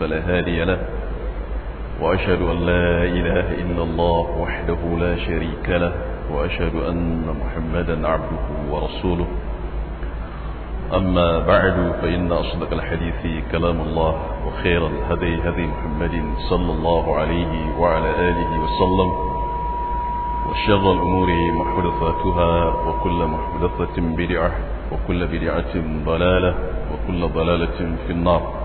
فلا هادي له وأشهد أن لا إله إلا الله وحده لا شريك له وأشهد أن محمدا عبده ورسوله أما بعد فإن أصدق الحديث كلام الله وخير الهدي هدي محمد صلى الله عليه وعلى آله وسلم وشر الأمور محدثاتها وكل محدثة بدعة وكل بدعة ضلالة وكل ضلالة في النار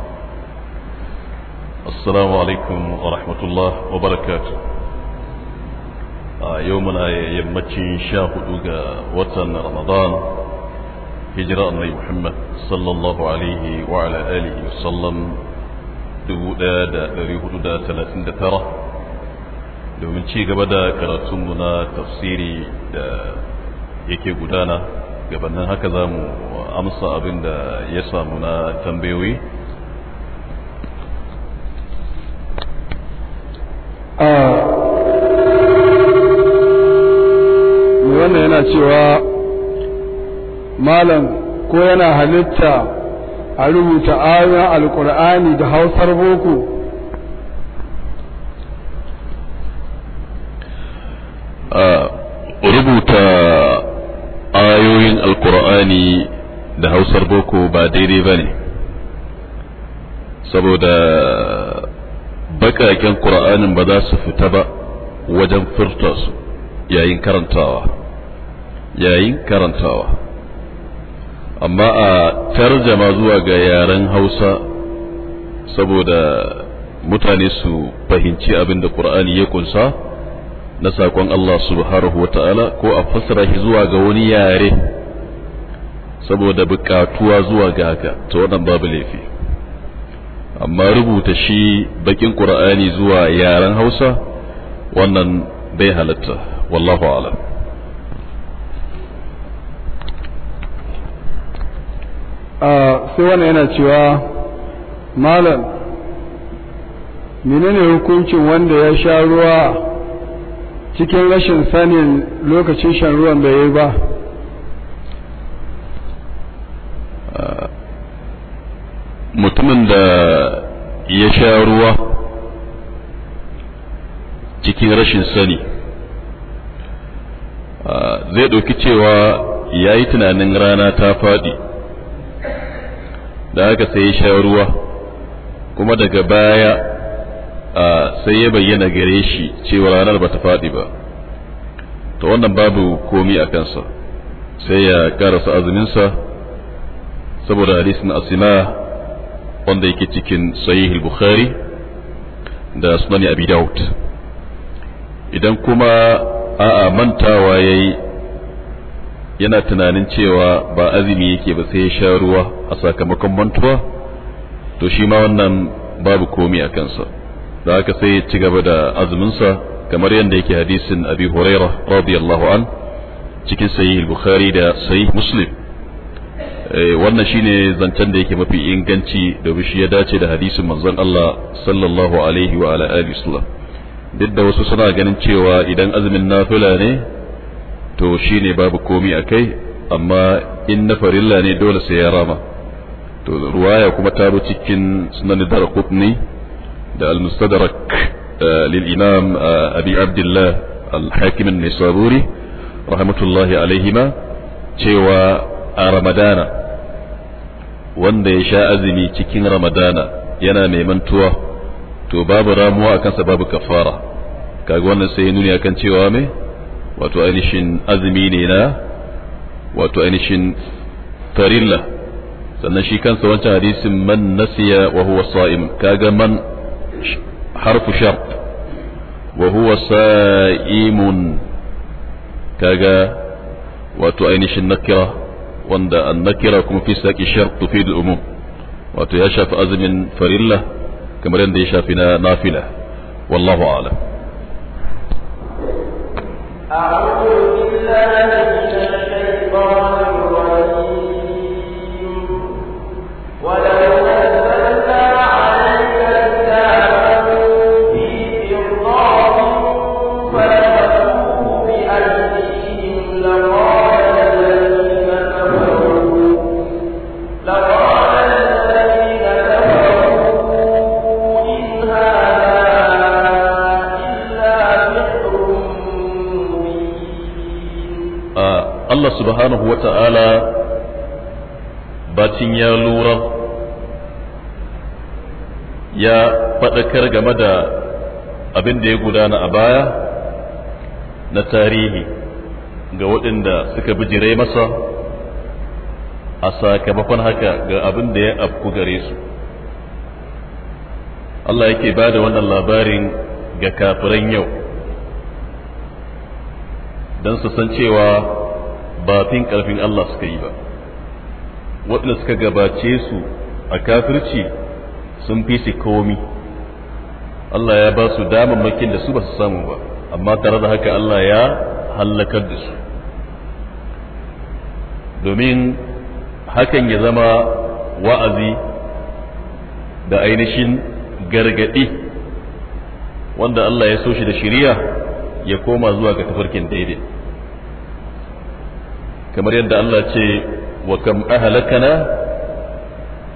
السلام عليكم ورحمة الله وبركاته يومنا يمتشي شاهد وطن رمضان هجرة النبي محمد صلى الله عليه وعلى آله وسلم دبودا دا ريهود دا ثلاثين دا ترى domin ci gaba da karatunmu na tafsiri da yake gudana gabanin haka za mu amsa abin da ya samu na tambayoyi wannan yana cewa malam ko yana halitta a rubuta ayoyin alkur'ani da hausar boko rubuta ayoyin alkur'ani da hausar boko ba daidai ba ne saboda baƙaƙen ƙura'anin ba za su fita ba wajen furta su yayin karantawa yayin karantawa amma a tarjama zuwa ga yaren hausa saboda mutane su fahimci abin da ƙura'ani ya kunsa na saƙon Allah subhanahu wa ta'ala ko a fassara shi zuwa ga wani yare saboda buƙatuwa zuwa ga haka ta wannan babu laifi amma rubuta shi bakin qur'ani zuwa yaren hausa wannan bai halatta wallahu alam sai wannan yana cewa malam menene hukuncin wanda ya sha ruwa cikin rashin sanin lokacin shan ruwan da ya yi ba mutumin da ya sha ruwa cikin rashin sani zai ɗauki cewa ya yi tunanin rana ta faɗi da haka sai ya sha ruwa kuma daga baya sai ya bayyana gare shi cewa ranar ba ta faɗi ba ta wannan babu komi a kansa sai ya karasa azuminsa saboda hadisin asima wanda yake cikin sahihul bukhari da sunan abi daud idan kuma a'a mantawa yayi yana tunanin cewa ba azumi yake ba sai ya sha ruwa a sakamakon mantuwa to shi ma wannan babu komi a kansa da haka sai ya ci gaba da azuminsa kamar yadda yake hadisin abi huraira radiyallahu an cikin sahih bukhari da sahih muslim Eh, wannan shine zancen da yake mafi inganci domin shi ya dace da hadisin manzon Allah sallallahu alaihi wa ala alihi duk da wasu suna ganin cewa idan azumin nafila ne to shine babu komi a kai amma in na farilla ne dole sai ya rama to ruwaya kuma ta zo cikin sunan darqutni da al-mustadrak eh, lil imam eh, abi abdullah al-hakim an-nisaburi rahmatullahi alaihima cewa a ramadana wanda ya sha azumi cikin ramadana yana mai mantuwa to babu ramuwa a kansa babu kafara kaga wannan sai ya nuni akan cewa me wato ainihin azumi ne na wato ainihin farilla sannan shi kansa wancan hadisin man nasiya wa huwa sa'im kaga man harfu shart wa huwa sa'imun kaga wato ainihin nakira wanda annakira kuma fi saki shart tufid umum wato ya shafi azumin farilla kamar yadda ya shafi na nafila wallahu a'lam أعوذ بالله من الشيطان subhanahu wa ta'ala bacin ya lura ya faɗakar game da abin da ya gudana a baya na tarihi ga waɗanda suka bijirai masa a sakamakon haka ga abin da ya afku gare su Allah yake ba da wannan labarin ga kafiran yau don su san cewa ba fin karfin Allah suka yi ba waɗanda suka gabace su a kafirci sun fi su komi Allah ya ba su damammakin da su ba su samu ba amma tare da haka Allah ya hallakar da su domin hakan ya zama wa'azi da ainihin gargaɗi wanda Allah ya so shi da shiriya ya koma zuwa ga tafarkin daidai kamar yadda Allah ce wa kam ahlakana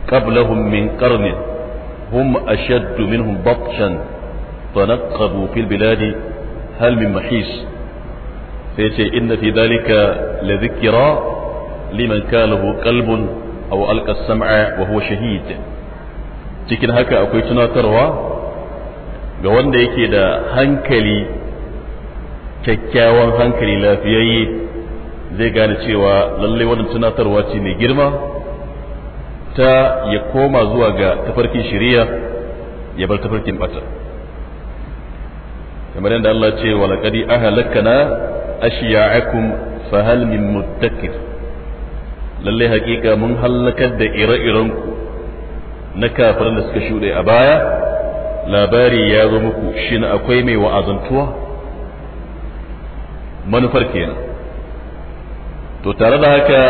qablahum min qarnin hum ashaddu minhum batshan فنقبوا في البلاد هل من محيص فيتي إن في ذلك لذكرى لمن كان له قلب أو ألقى السمع وهو شهيد cikin haka akwai tunatarwa ga wanda yake da hankali kyakkyawan hankali lafiyayye zai gane cewa lallai wannan tunatarwa ce mai girma ta ya koma zuwa ga tafarkin shiriya ya bar tafarkin bata kamar yadda Allah ce wa laqadi ahlakana ashiya'akum fa hal min muddakir lallai hakika mun halakar da ire-iren ku na kafirin da suka shuɗe a baya labari ya zo muku shin akwai mai wa'azantuwa manufar kenan to tare da haka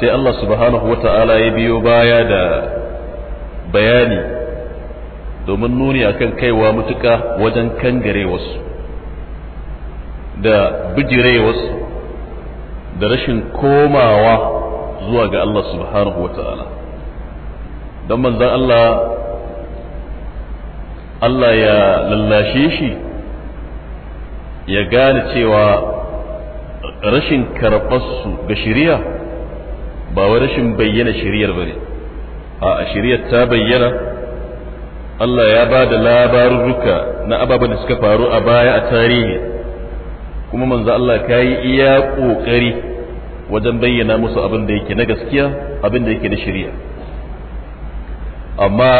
sai Allah subhanahu wa ta'ala ya biyo baya da bayani domin nuni akan kaiwa mutuka wajen kangare wasu da bijire wasu da rashin komawa zuwa ga Allah subhanahu wa ta'ala don manzan Allah Allah ya lallashe shi ya gane cewa rashin su ga shari'a ba wa rashin bayyana shari'ar ba ne a shari'ar ta bayyana Allah ya ba da labarurruka na ababen da suka faru a baya a tarihi kuma manzo Allah ka yi iya ƙoƙari wajen bayyana musu abin da yake na gaskiya abin da yake na shari'a amma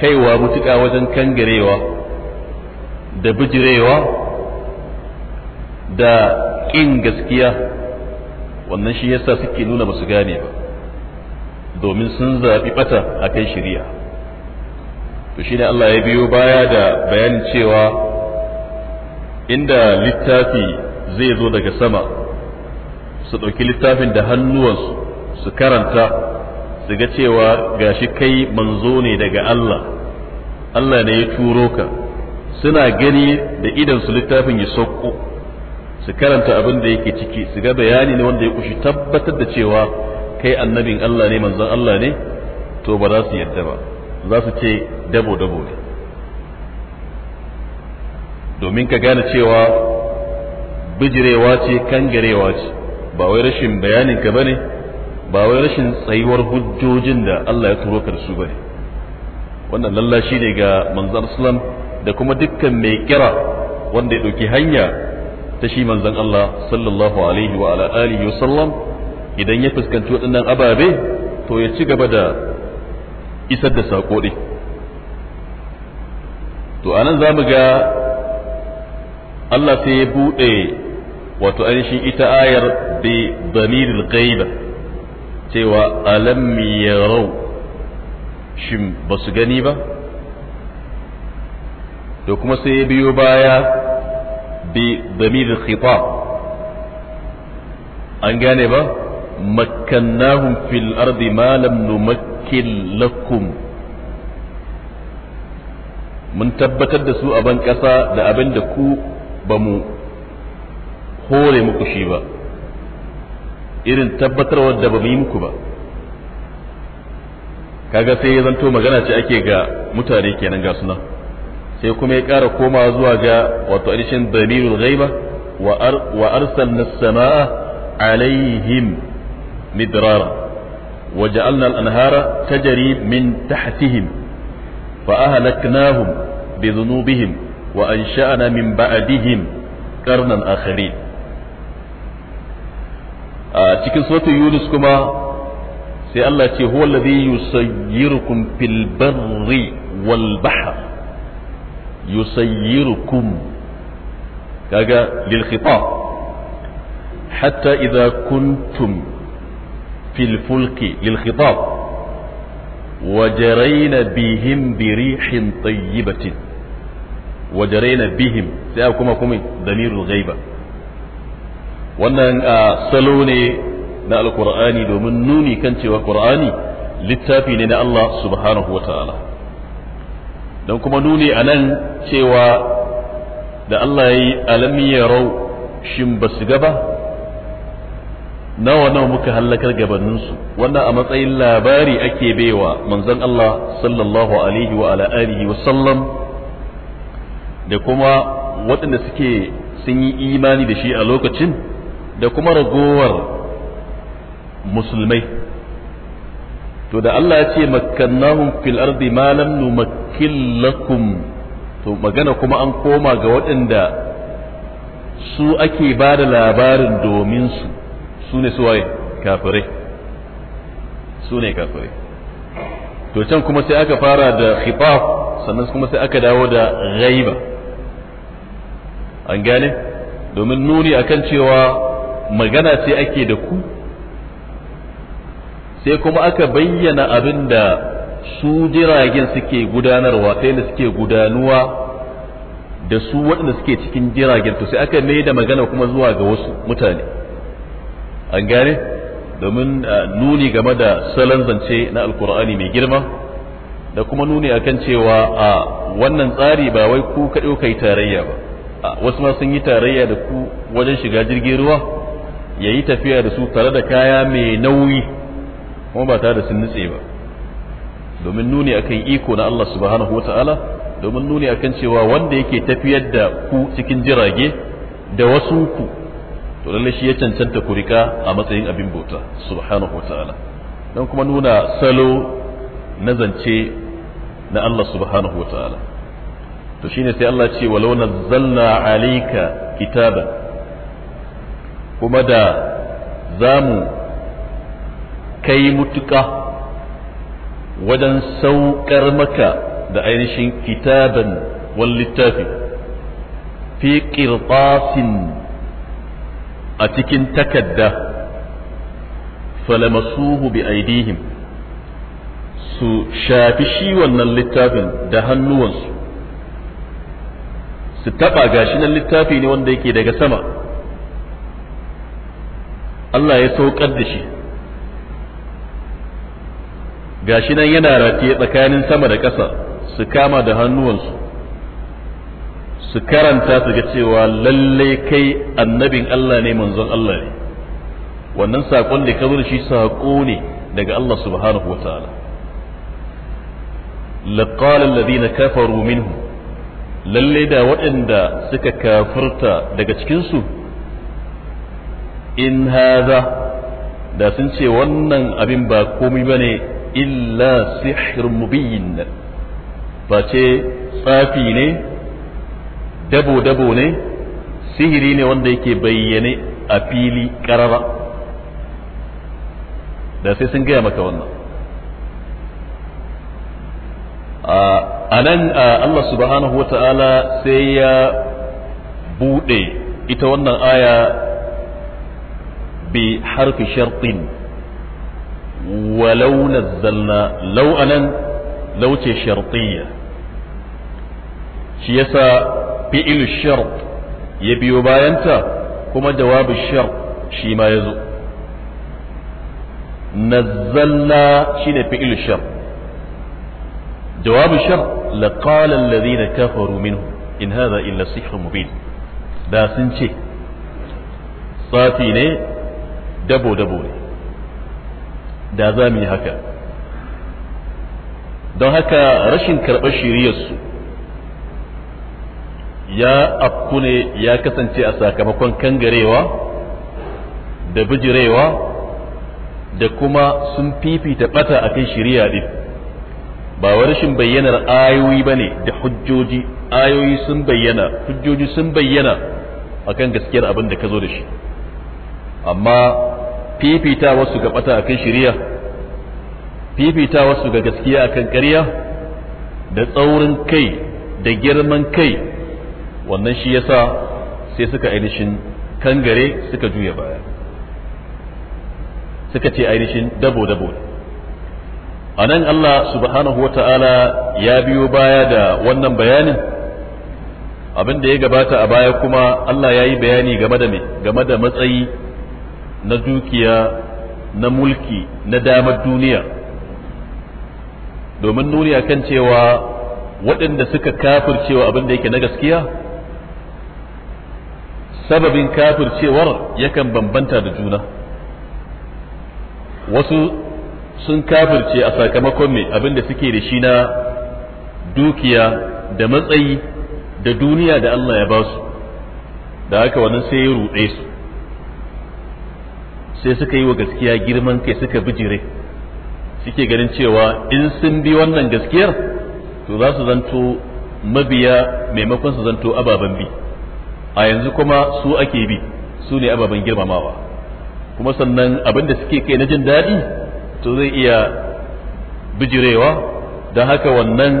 kaiwa mutuƙa wajen kangarewa da bijirewa da ƙin gaskiya wannan shi yasa suke nuna ba su gane ba domin sun zaɓi ɓata a kan shari'a to ne Allah ya biyo baya da bayanin cewa inda littafi zai zo daga sama su ɗauki littafin da hannuwansu su karanta su ga cewa gashi kai manzo ne daga Allah Allah ne ya turo ka suna gani da idan su littafin ya sauko su karanta abin da yake ciki su ga bayani ne wanda ya kushi tabbatar da cewa kai annabin Allah ne manzon Allah ne to ba za su yadda ba za su ce dabo dabo ne domin ka gane cewa bijirewa ce kangarewa ce ba wai rashin bayanin ka bane ba wai rashin tsayuwar hujjojin da Allah ya turo ka da su bane wannan lallashi ne ga manzon Islam da kuma dukkan mai kira wanda ya ɗauki hanya ta shi manzon Allah sallallahu alaihi wa ala alihi wasallam idan ya fuskanci waɗannan ababe to ya ci gaba da isar da saƙo ɗin to anan za mu ga Allah sai ya buɗe wato ainihin ita ayar bi damiril ghaiba cewa alam yarau shin ba su gani ba da kuma sai ya biyo baya بضمير الخطاب an gane ba makkannahum fil ardi ma lam numakkil lakum mun tabbatar da su a ban da abinda ku ba mu hore muku shi ba irin tabbatar wadda ba mu yi muku ba kaga sai ya zanto magana ce ake ga mutane kenan ga suna sai kuma ya ƙara koma zuwa ga wato ainihin damirul ghaiba wa arsalna samaa alaihim midrara wa ja'alna al-anhara tajri min tahtihim fa ahlaknahum bi dhunubihim wa ansha'na min ba'dihim qarnan akharin a cikin suratul yunus kuma sai Allah ce huwa alladhi yusayyirukum fil barri wal bahr yusayyirukum kaga lil khitab hatta idza kuntum fil fulki lil khitab وجرينا بهم بريح طيبة وجرينا بهم سيأكم كم ضمير الغيبة wannan salo ne na alkur'ani domin nuni kan cewa qur'ani littafi ne na Allah subhanahu wa ta'ala don kuma nuni a nan cewa da Allah ya yi alami ya shin ba su gaba nawa nawa muka hallakar gabaninsu wannan a matsayin labari ake baiwa manzon Allah sallallahu alaihi wa ala wa sallam da kuma waɗanda suke sun yi imani da shi a lokacin da kuma ragowar musulmai to da Allah ya ce makkannahum fil ardi ma lam numakkil lakum to magana kuma an koma ga waɗanda su ake ba da labarin domin su su ne suwaye kafirai su ne kafirai to can kuma sai aka fara da khitaf sannan kuma sai aka dawo da ghaiba an gane domin nuni akan cewa magana ce ake da ku sai kuma aka bayyana abin da su jiragen suke gudanarwa ta yadda suke gudanuwa da su waɗanda suke cikin jiragen to sai aka mai da magana kuma zuwa ga wasu mutane an gane domin nuni game da salon zance na alkur'ani mai girma da kuma nuni akan cewa a wannan tsari ba wai ku ka yi tarayya ba a wasu ma sun yi tarayya da ku wajen shiga jirgin ruwa ya yi tafiya da su tare da kaya mai nauyi kuma ba tare da sun nutse ba domin nuni akan iko na Allah subhanahu wata'ala domin nuni akan cewa wanda yake tafiyar da ku cikin jirage da wasu ku to lalle shi ya cancanta ku rika a matsayin abin bauta subhanahu wata'ala don kuma nuna salo na zance na Allah subhanahu wata'ala to shine sai Allah ce walau nazzalna alayka kitaba kuma da zamu kai mutuka wajen saukar maka da ainihin kitaban wal littafi fi ƙirƙasin a cikin takadda falamasuhu bi aidihim su shafi shi wannan littafin da hannuwansu su taɓa gashi nan littafi ne wanda yake daga sama Allah ya saukar da shi gashi nan yana rataye tsakanin sama da ƙasa su kama da hannuwansu su karanta su ga cewa lalle kai annabin Allah ne manzon Allah ne wannan saƙon da ka shi saƙo ne daga Allah subhanahu wa ta'ala laqala alladhina kafaru minhum lalle da waɗanda suka kafirta daga cikinsu in haza da sun ce wannan abin ba komai bane illa sihr mubin face tsafi ne dabo-dabo ne sihiri ne wanda yake bayyane a fili karara da sai sun gaya maka wannan a nan Allah subhanahu wa ta'ala sai ya buɗe ita wannan aya bi harfi shartin walau nazzalna lau anan lau ce shartiyya shi yasa fi'ilu shart ya biyo bayanta kuma jawabu shart shi ma ya zo nazzalna shine fi'ilu shart jawabu shart laqala alladhina faru minhu in hadha illa sihrun mubin da sun ce tsafi ne dabo dabo ne da za mu yi haka don haka rashin karɓar shiriyarsu ya afku ne ya kasance a sakamakon kangarewa da bijirewa da kuma sun fifita ɓata a kan shiriya ɗin ba wa rashin bayyanar ayoyi ba ne da hujjoji ayoyi sun bayyana hujjoji sun bayyana a kan gaskiyar abin da ka zo da shi amma fifita wasu ga bata akan shari'a fifita wasu ga gaskiya akan ƙarya da tsaurin kai da girman kai wannan shi yasa sai suka ainihin kangare suka juya baya suka ce ainihin dabo dabo a nan Allah subhanahu wa ta'ala ya biyo baya da wannan bayanin abin da ya gabata a baya kuma Allah ya yi bayani game da game da matsayi na dukiya na mulki na damar duniya domin nuni kan cewa waɗanda suka kafircewa abin da yake na gaskiya sababin kafircewar yakan bambanta da juna wasu sun kafirce a sakamakon mai abin da suke da shi na dukiya da matsayi da duniya da Allah ya ba su da haka wannan sai ya ruɗe su sai suka yi wa gaskiya girman kai suka bijire suke ganin cewa in sun bi wannan gaskiyar to za su zanto mabiya maimakon su zanto ababen bi a yanzu kuma su ake bi su ne ababen girmamawa kuma sannan abin da suke kai na jin daɗi to zai iya bijirewa don haka wannan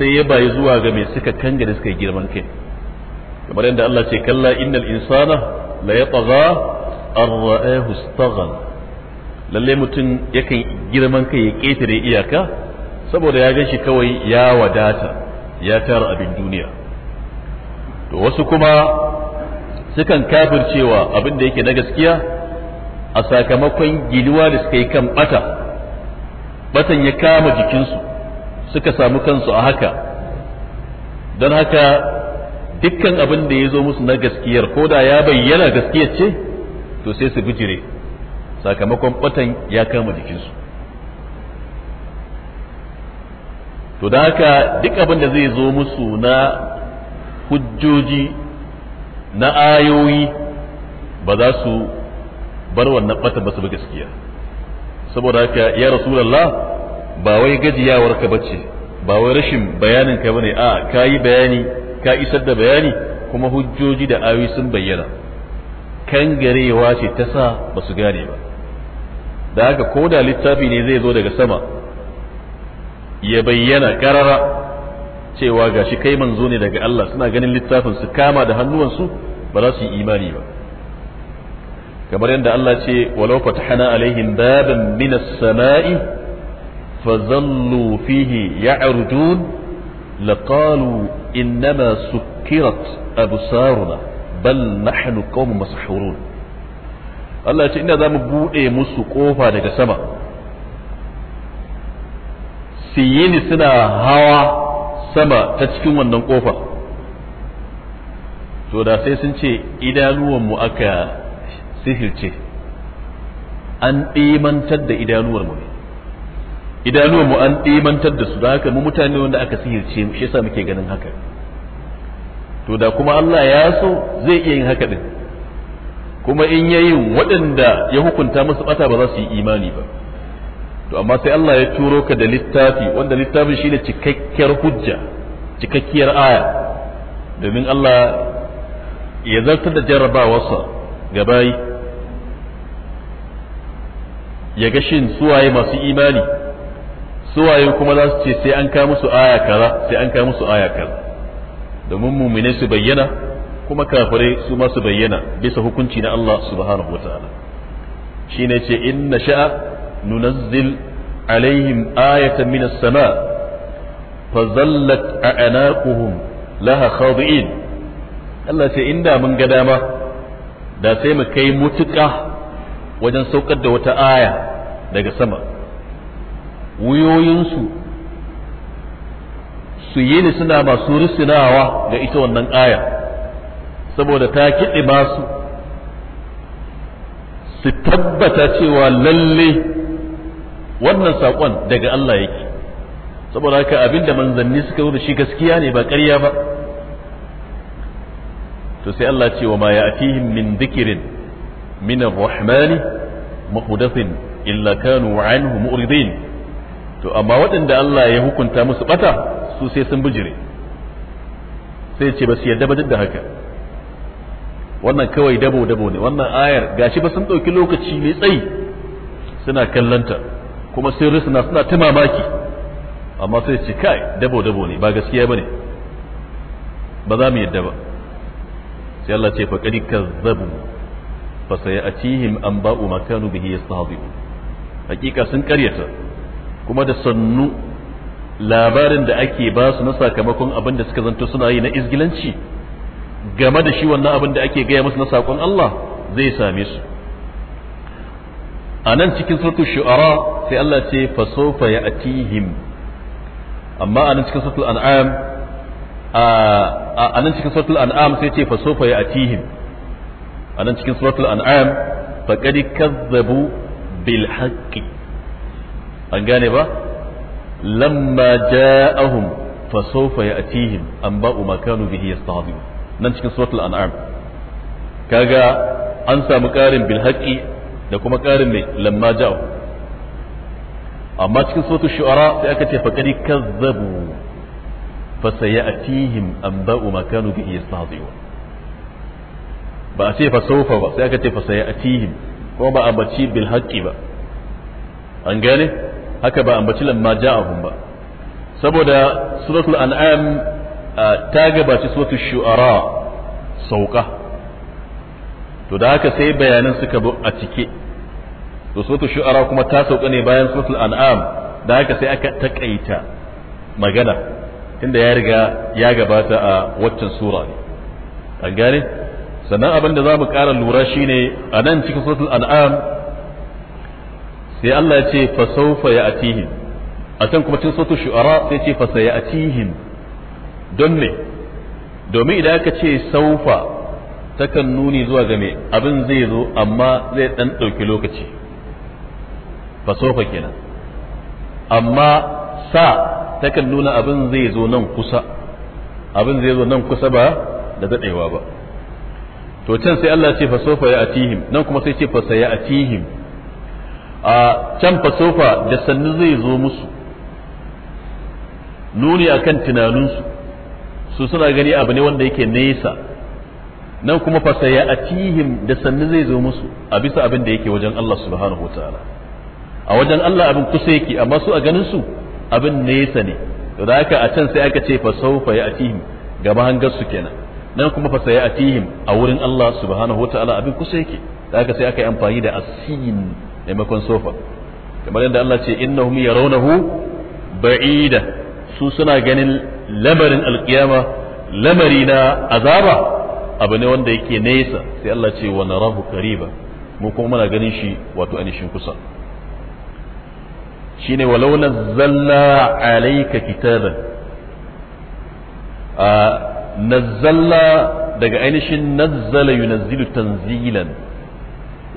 sai ya bayi zuwa ga mai suka kanga da suka yi girman kai kamar yadda Allah ce kalla innal insana la yatagha an ra'ahu lallai lalle mutum yakan girman kai ya ƙetare iyaka saboda ya gan kawai ya wadata ya tara abin duniya to wasu kuma sukan cewa abin da yake na gaskiya a sakamakon giluwa da suka yi kan bata batan ya kama jikinsu suka samu kansu a haka don haka dukkan abin da ya zo musu na gaskiyar ko da ya bayyana gaskiyar ce to sai su bijire sakamakon batan ya kama jikinsu to da haka duk abin da zai zo musu na hujjoji na ayoyi ba za su bar wannan batan ba su bi gaskiya saboda haka ya rasulallah ba wai gajiyawar ka bace ba wai rashin bayanin ka bane a kayi bayani ka isar da bayani kuma hujjoji da ayoyi sun bayyana kangarewa ce ta sa ba su gane ba da haka ko da littafi ne zai zo daga sama ya bayyana karara cewa ga shi kai manzo ne daga Allah suna ganin littafin su kama da hannuwansu ba za su yi imani ba kamar yadda Allah ce walau fatahna alaihim baban min as-sama'i fazallu fihi laqalu innama sukkirat absaruna bal nahnu qaumun masahurun Allah ya ce ina za mu buɗe musu ƙofa daga sama su yini suna hawa sama ta cikin wannan ƙofa to da sai sun ce idanuwanmu aka sihirce an ɗimantar da idanuwarmu ne idanuwanmu an ɗimantar da su da haka mu mutane wanda aka sihirce shi yasa muke ganin haka to da kuma Allah ya so zai iya yin haka din kuma in ya yin waɗanda ya hukunta musu bata ba za su yi imani ba to amma sai Allah ya turo ka da littafi wanda littafin shi ne cikakkiyar hujja cikakkiyar aya domin Allah ya zartar da jarrabawarsa ga ya ga shin suwaye masu imani suwaye kuma za su ce sai an ka musu aya kaza sai an ka musu aya kaza domin mumine su bayyana kuma kafirai su ma su bayyana bisa hukunci na Allah subhanahu wa ta'ala shine ce inna sha'a nunazzil alaihim ayatan minas sama fazallat a'naquhum laha khadi'in Allah ce inda mun ga dama da sai mu kai mutuka wajen saukar da wata aya daga sama wuyoyinsu su yi ni suna masu risinawa ga ita wannan aya saboda ta kiɗi ba su su tabbata cewa lalle wannan saƙon daga Allah yake saboda haka abinda manzanni suka yi da shi gaskiya ne ba ƙarya ba to sai Allah ce wa ma ya'tihim min dhikrin min ar-rahman muhdathin illa kanu anhu mu'ridin to amma waɗanda Allah ya hukunta musu bata su sai sun bijire sai ce ba su yadda ba duk da haka wannan kawai dabo dabo ne wannan ayar gashi ba sun ɗauki lokaci mai tsayi suna kallanta kuma sun na suna ta mamaki amma sai ce kai dabo dabo ne ba gaskiya ba ne ba za mu yadda ba sai Allah ce fa kadi kazzabu fa sayatihim anba'u makanu bihi yastahzi'un hakika sun karyata kuma da sannu labarin da ake ba su na sakamakon abin da suka zanto suna yi na izgilanci game da shi wannan abin da ake gaya musu na saƙon Allah zai same su a nan cikin surtu shu'ara sai Allah ce fasofa ya atihim amma a nan cikin surtu an'am a nan cikin surtu an'am sai ce fasofa ya atihim a nan cikin surtu an'am faqad kazzabu bil haqqi an gane ba lamma ja'ahum fa sawfa ya'tihim anba'u ma kanu bihi yastahzi'un nan cikin suratul an'am kaga an samu ƙarin bil haqqi da kuma ƙarin ne lamma ja'u amma cikin suratul shu'ara sai aka ce faqad kazzabu fa sayatihim anba'u ma kanu bihi yastahzi'un ba a ce fa sawfa ba sai aka ce fa sayatihim kuma ba a bace bil haqqi ba an gane haka ba ambaci lamma ja'ahum ba saboda suratul an'am ta gabaci suratul shu'ara sauka to da haka sai bayanan suka bu a cike to suratul shu'ara kuma ta sauka ne bayan suratul an'am da haka sai aka takaita magana tunda ya riga ya gabata a waccan sura ne an gane sannan abin da za mu ƙara lura shine a nan cikin suratul an'am sai Allah ya ce fa ya atihi a can kuma cin sautu shu'ara sai ce fa atihi don me domin idan aka ce saufa takan nuni zuwa ga me abin zai zo amma zai dan dauki lokaci fa saufa kenan amma sa takan nuna abin zai zo nan kusa abin zai zo nan kusa ba da dadewa ba to can sai Allah ce fa sofa ya atihim nan kuma sai ce fa saya atihim a can fasofa da sannu zai zo musu nuni a kan tunaninsu su suna gani abu ne wanda yake nesa nan kuma fasaya a tihim da sannu zai zo musu a bisa abin da yake wajen Allah subhanahu wa ta'ala a wajen Allah abin kusa yake amma su a ganinsu abin nesa ne da haka a can sai aka ce fasofa ya tihim gaba hangar su kenan nan kuma fasaya a tihim a wurin Allah subhanahu wataala abin kusa yake da haka sai aka yi amfani da asin maimakon sofa kamar yadda Allah ce hu, yarawnahu ba'ida su suna ganin lamarin alkiyama lamari na azaba abu ne wanda yake nesa sai Allah ce wa narahu qariba mu kuma muna ganin shi wato anishin kusa shine walau nazzalna alayka kitaban a nazzalla daga ainihin nazzala yunazzilu tanzilan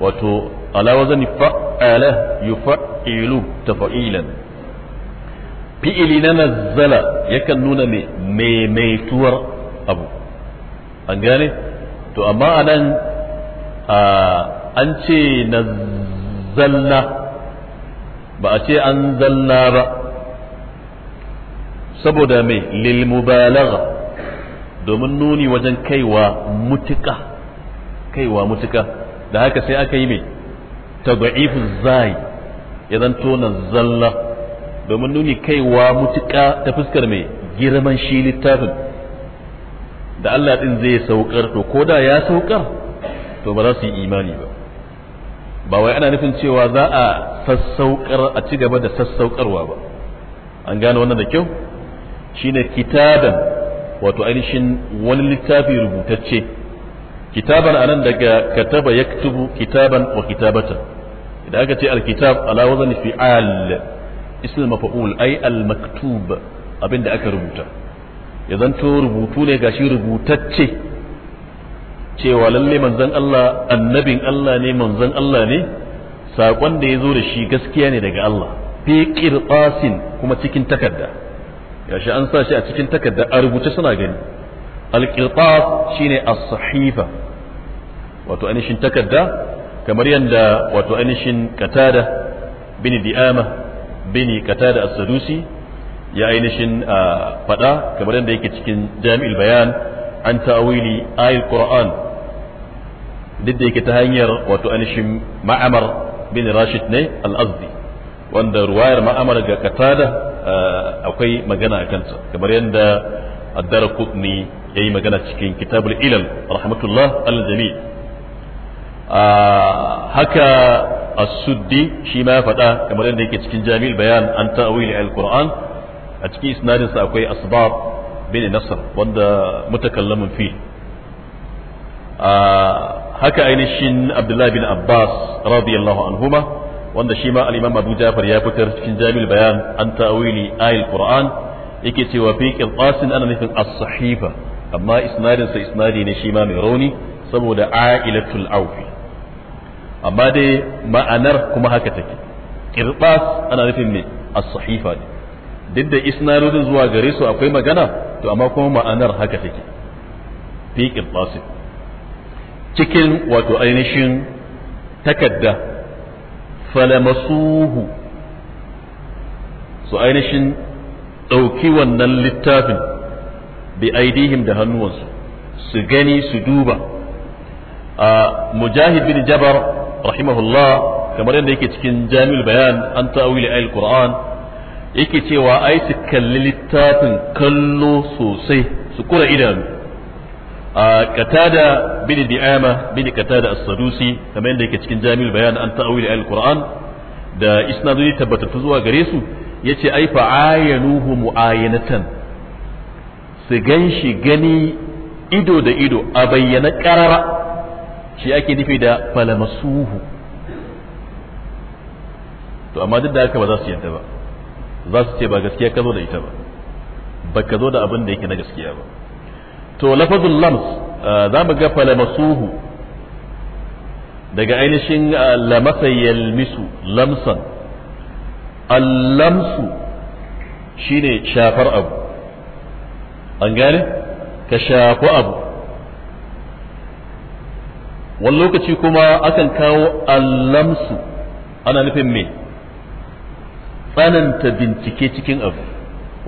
wato ala wazani fa'ala yuf'ilu tafa'ilan fi'ili na nazzala yakan nuna mai maimaituwar abu an gane to amma anan an ce nazzalna ba a ce an zalla ba saboda mai lilmubalagha domin nuni wajen kaiwa mutuka kaiwa mutuka da haka sai aka yi mai tad'ifu zai ya zanto na zalla domin nuni kaiwa mutuƙa ta fuskar mai girman shi littafin da Allah ɗin zai saukar to ko da ya saukar to ba za su yi imani ba ba wai ana nufin cewa za a sassaukar a ci gaba da sassaukarwa ba an gane wannan da kyau shine kitaban wato ainihin wani littafi rubutacce kitaban anan daga kataba yaktubu kitaban wa kitabatan idan aka ce alkitab ala wazan al ismul mafa'ul ay al maktub abinda aka rubuta ya zanto rubutu ne gashi rubutacce cewa lalle manzon Allah annabin Allah ne manzon Allah ne saƙon da ya zo da shi gaskiya ne daga Allah fi qirtasin kuma cikin takarda gashi an sa shi a cikin takarda a rubuce suna gani alƙilƙas shine a sahifa wato ainihin takarda kamar yadda wato ainihin katada bin di'ama bin katada a sadusi ya ainihin faɗa kamar yadda yake cikin jami'il bayan an ta'awili ayil qur'an duk da yake ta hanyar wato ainihin ma'amar bin rashid ne al wanda ruwayar ma'amar ga katada akwai magana a kansa kamar yadda addara kudni. ya yi magana cikin kitabul ilal rahmatullah al-jami ah, haka as-suddi shi ma ya faɗa kamar yadda yake cikin jami'il bayan an ta'awili al-qur'an a cikin isnadinsa akwai asbab bin nasr wanda mutakallamin fi ah, haka ainihin abdullahi bin abbas radiyallahu anhuma wanda shi ma al-imam abu jafar ya fitar cikin jami'il bayan an ta'awili ayil qur'an yake cewa fi qasin ana nufin as-sahifa amma isnadinsa isnadi ne shi ma mai rauni saboda ailatul aufi amma dai ma'anar kuma haka take kirbas ana nufin ne as-sahifa ne duk da isnadodin zuwa gare su akwai magana to amma kuma ma'anar haka take fi kirbas cikin wato ainihin takadda falamasuhu su ainihin ɗauki wannan littafin bi aidihim da hannuwansu su gani su duba a mujahid bin jabar rahimahullah kamar yadda yake cikin jami'ul bayan an ta'awili ayil qur'an yake cewa ai su kalli littafin kallo sosai su kura idanu a katada bin di'ama bin katada as-sadusi kamar yadda yake cikin jami'ul bayan an ta'awili ayil qur'an da isnaduni tabbatattu zuwa gare su yace ai fa ayanuhu mu'ayanatan su gan shi gani ido da ido a bayyana ƙarara shi ake nufi da falamasuhu to amma duk da haka ba za su yadda ba za su ce ba gaskiya ka zo da ita ba ba ka zo da abin da yake na gaskiya ba to lafazul lams za mu ga falamasuhu daga ainihin lamasa yalmisu lamsan allamsu shine shafar abu an gane ka shafi abu wani lokaci kuma akan kawo allamsu ana nufin me tsananta bincike cikin abu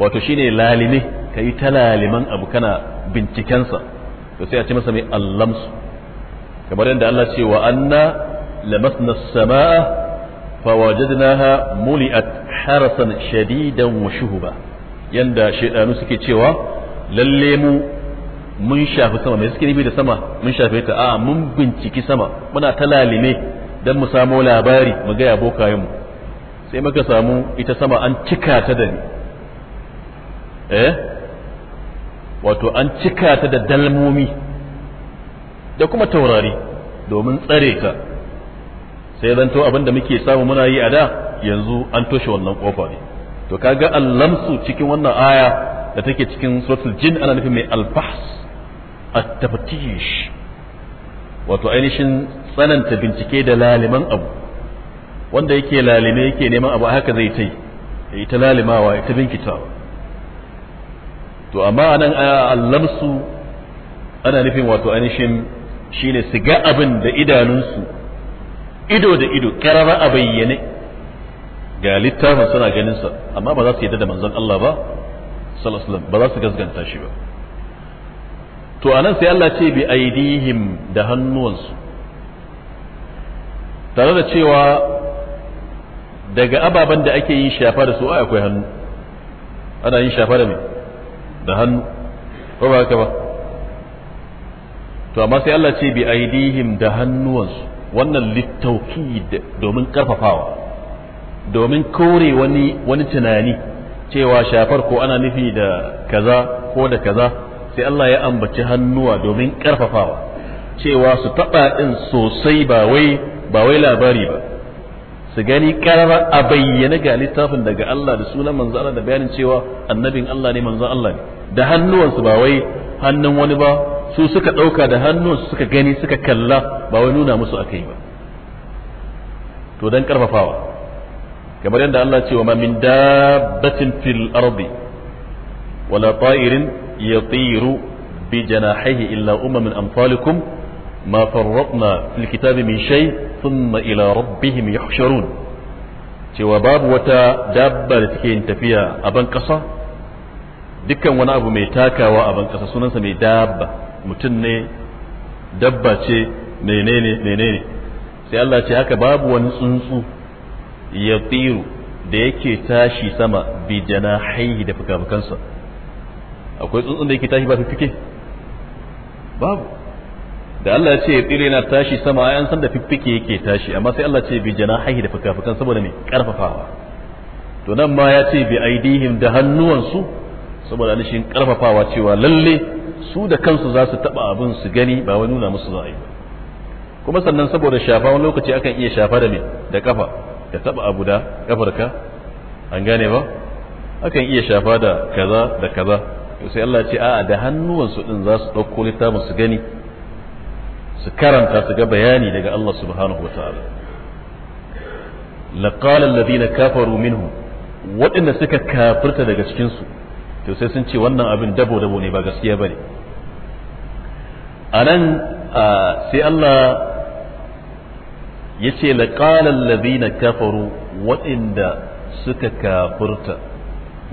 wato shine lalime ka yi ta laliman abu kana bincikensa to sai a ce masa mai allamsu kamar yadda Allah ce wa anna lamasna sama'a fawajadnaha muli'at harasan shadidan wa shuhuba yanda shaidanu suke cewa lalle mu mun shafi sama mai suke nufi da sama mun shafe ta a mun binciki sama muna ta lalime don mu samo labari mu gaya bokayenmu sai muka samu ita sama an cika ta da eh wato an cika ta da dalmomi da kuma taurari domin tsare ka sai zanto abin da muke samu muna yi a da yanzu an toshe wannan kofa ne to kaga lamsu cikin wannan aya da take cikin suratul jin ana nufin mai albahs at-taftish wato ainihin tsananta bincike da laliman abu wanda yake lalime yake neman abu haka zai ta yi ta lalimawa ya ta binkitawa to amma anan allamsu ana nufin wato ainihin shine su ga abin da idanunsu ido da ido karara a bayyane ga littafin suna ganinsa amma ba za su yadda da manzon Allah ba sallallahu alaihi ba za su gaskanta shi ba to a nan sai Allah ce bi aidihim da hannuwansu tare da cewa daga ababen da ake yin shafa da su a akwai hannu ana yin shafa da me da hannu ba ba haka ba to amma sai Allah ce bi aidihim da hannuwansu wannan littauki domin karfafawa domin kore wani wani tunani cewa shafar ko ana nufi da kaza ko da kaza sai Allah ya ambaci hannuwa domin ƙarfafawa cewa su taɓa ɗin sosai ba wai ba wai labari ba su gani karara a bayyana ga littafin daga Allah da sunan manzo Allah da bayanin cewa annabin Allah ne manzo Allah ne da hannuwansu ba wai hannun wani ba su suka ɗauka da hannuwansu suka gani suka kalla ba wai nuna musu akai ba to don ƙarfafawa. كما yadda Allah ce wa min dabbatin fil ardi wala ta'irin yatiru bi janahihi illa ummun amsalikum ما فرطنا في الكتاب من شيء ثم إلى ربهم يحشرون تواباب وتا دابة لتكين تفيا أبن قصة دكا وانا أبو ميتاكا وأبن قصة سنة سمي دابة متنة دابة تي نينيني نينيني سيالله تي هكا باب ونسنسو ya tsiru da yake tashi sama bi janahihi da fukafukansa akwai tsuntsun da yake tashi ba fifike babu da Allah ya ce ya tsire yana tashi sama ai an san da fiffike yake tashi amma sai Allah ce bi janahihi da fukafukan saboda me karfafawa to nan ma ya ce bi aidihim da hannuwansu saboda alishin karfafawa cewa lalle su da kansu za su taba abin su gani ba wai nuna musu za'a yi ba kuma sannan saboda shafa wani lokaci akan iya shafa da me da kafa ka taba abu da kafarka an gane ba akan iya shafa da kaza da kaza to sai Allah ce a'a da hannuwansu din za su ɗauko littafin su gani su karanta su ga bayani daga Allah subhanahu wataala laqala alladhina kafaru minhum waɗanda suka kafirta daga cikin su to sai sun ce wannan abin dabo dabo ne ba gaskiya bane anan sai Allah yace laqalal ladina kafaru waɗanda suka kafurta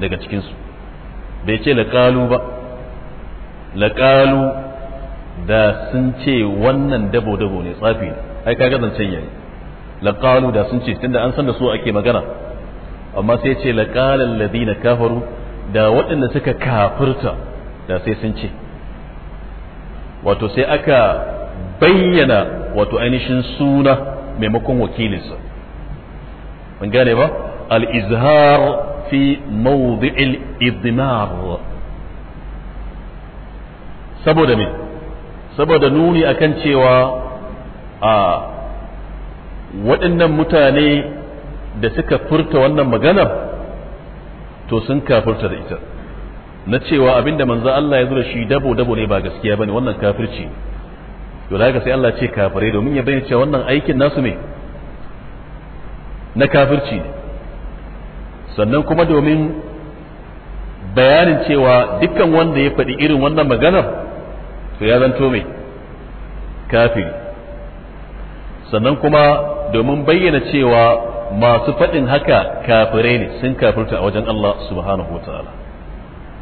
daga cikinsu bai ce laƙalu ba laƙalu da sun ce wannan dabo-dabo ne tsafi ne ai kaga zancen yayi laƙalu da sun ce tunda an san da su ake magana amma sai ce laƙalan ladina kafaru da waɗanda suka kafurta da sai sun ce wato sai aka bayyana wato ainihin suna maimakon wakilinsa mun gane ba al-izhar fi mawdi'il idmar saboda me saboda nuni akan cewa a waɗannan mutane da suka furta wannan maganar to sun kafurta da ita na cewa abinda manzo Allah ya zura shi dabo dabo ne ba gaskiya bane wannan kafirci to da haka sai Allah ce kafirai domin ya bayyana cewa wannan aikin nasu ne na kafirci ne sannan kuma domin bayanin cewa dukkan wanda ya faɗi irin wannan maganar to ya zanto mai kafiri sannan kuma domin bayyana cewa masu faɗin haka kafirai ne sun kafirta a wajen Allah subhanahu wa ta'ala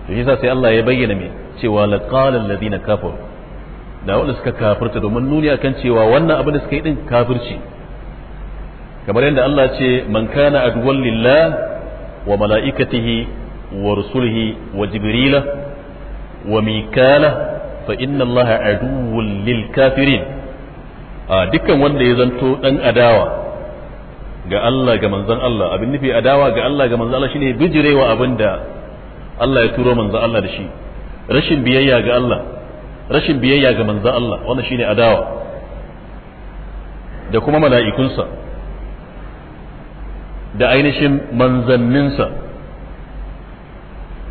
to shi sai Allah ya bayyana mai cewa laqala alladhina kafaru da wanda suka kafirta domin nuni akan cewa wannan abin da suka yi din kafirci kamar yadda Allah ce man kana aduwwan lillah wa mala'ikatihi wa rusulihi wa jibrila wa mikala fa inna Allah lil kafirin a dukkan wanda ya zanto dan adawa ga Allah ga manzon Allah abin nufi adawa ga Allah ga manzon Allah shine bijirewa abinda Allah ya turo manzon Allah da shi rashin biyayya ga Allah rashin biyayya ga manzan Allah wannan shine adawa da kuma mala'ikunsa da ainihin manzanninsa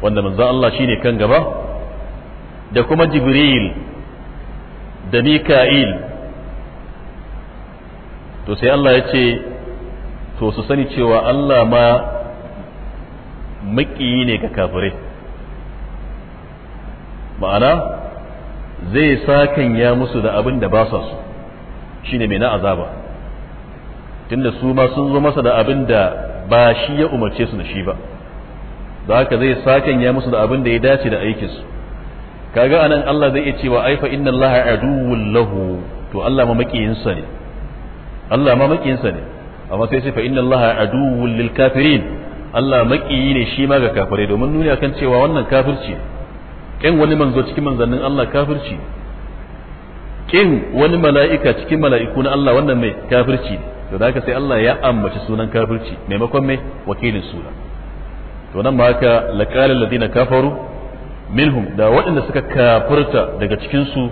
wanda manzan Allah shine kan gaba da kuma jibril da mika'il to sai Allah ya ce to su sani cewa Allah ma maƙiyi ne ga kafirai ma'ana zai sakan ya musu da abin da ba sa so shine mai na azaba tunda su ma sun zo masa da abin da ba shi ya umarce su da shi ba da haka zai sakan ya musu da abin da ya dace da aikinsu kaga anan Allah zai iya cewa ai fa inna Allah aduwwul lahu to Allah ma makiyinsa ne Allah ma makiyinsa ne amma sai ce fa inna Allah aduwwul lil kafirin Allah makiyi ne shi ma ga kafirai domin nuni akan cewa wannan kafirci ne Ƙin wani manzo cikin manzannin Allah kafirci ƙin wani mala'ika cikin mala'iku na Allah wannan mai kafirci ne to da haka sai Allah ya ambaci sunan kafirci maimakon mai wakilin suna to nan ba haka laqala alladhina kafaru minhum da waɗanda suka kafirta daga cikinsu,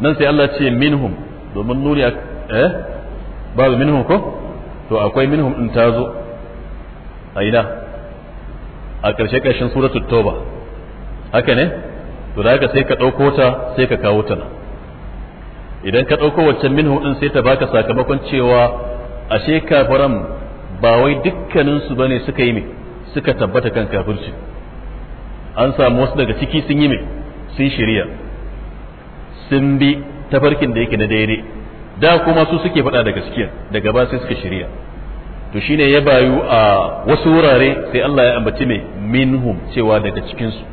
nan sai Allah ce minhum domin nuni eh babu minhum ko to akwai minhum in ta zo, a ina a ƙarshe ƙarshen suratul tauba haka ne to da sai ka ɗauko ta sai ka kawo ta idan ka ɗauko waccan minhu ɗin sai ta baka sakamakon cewa ashe kafiran ba wai su bane suka yi me suka tabbata kan kafirci an samu wasu daga ciki sun yi me sun shirya sun bi tafarkin da yake na daidai da kuma su suke faɗa da gaskiya daga ba sai suka shirya to shine ya bayu a wasu wurare sai Allah ya ambaci mai minhum cewa daga cikinsu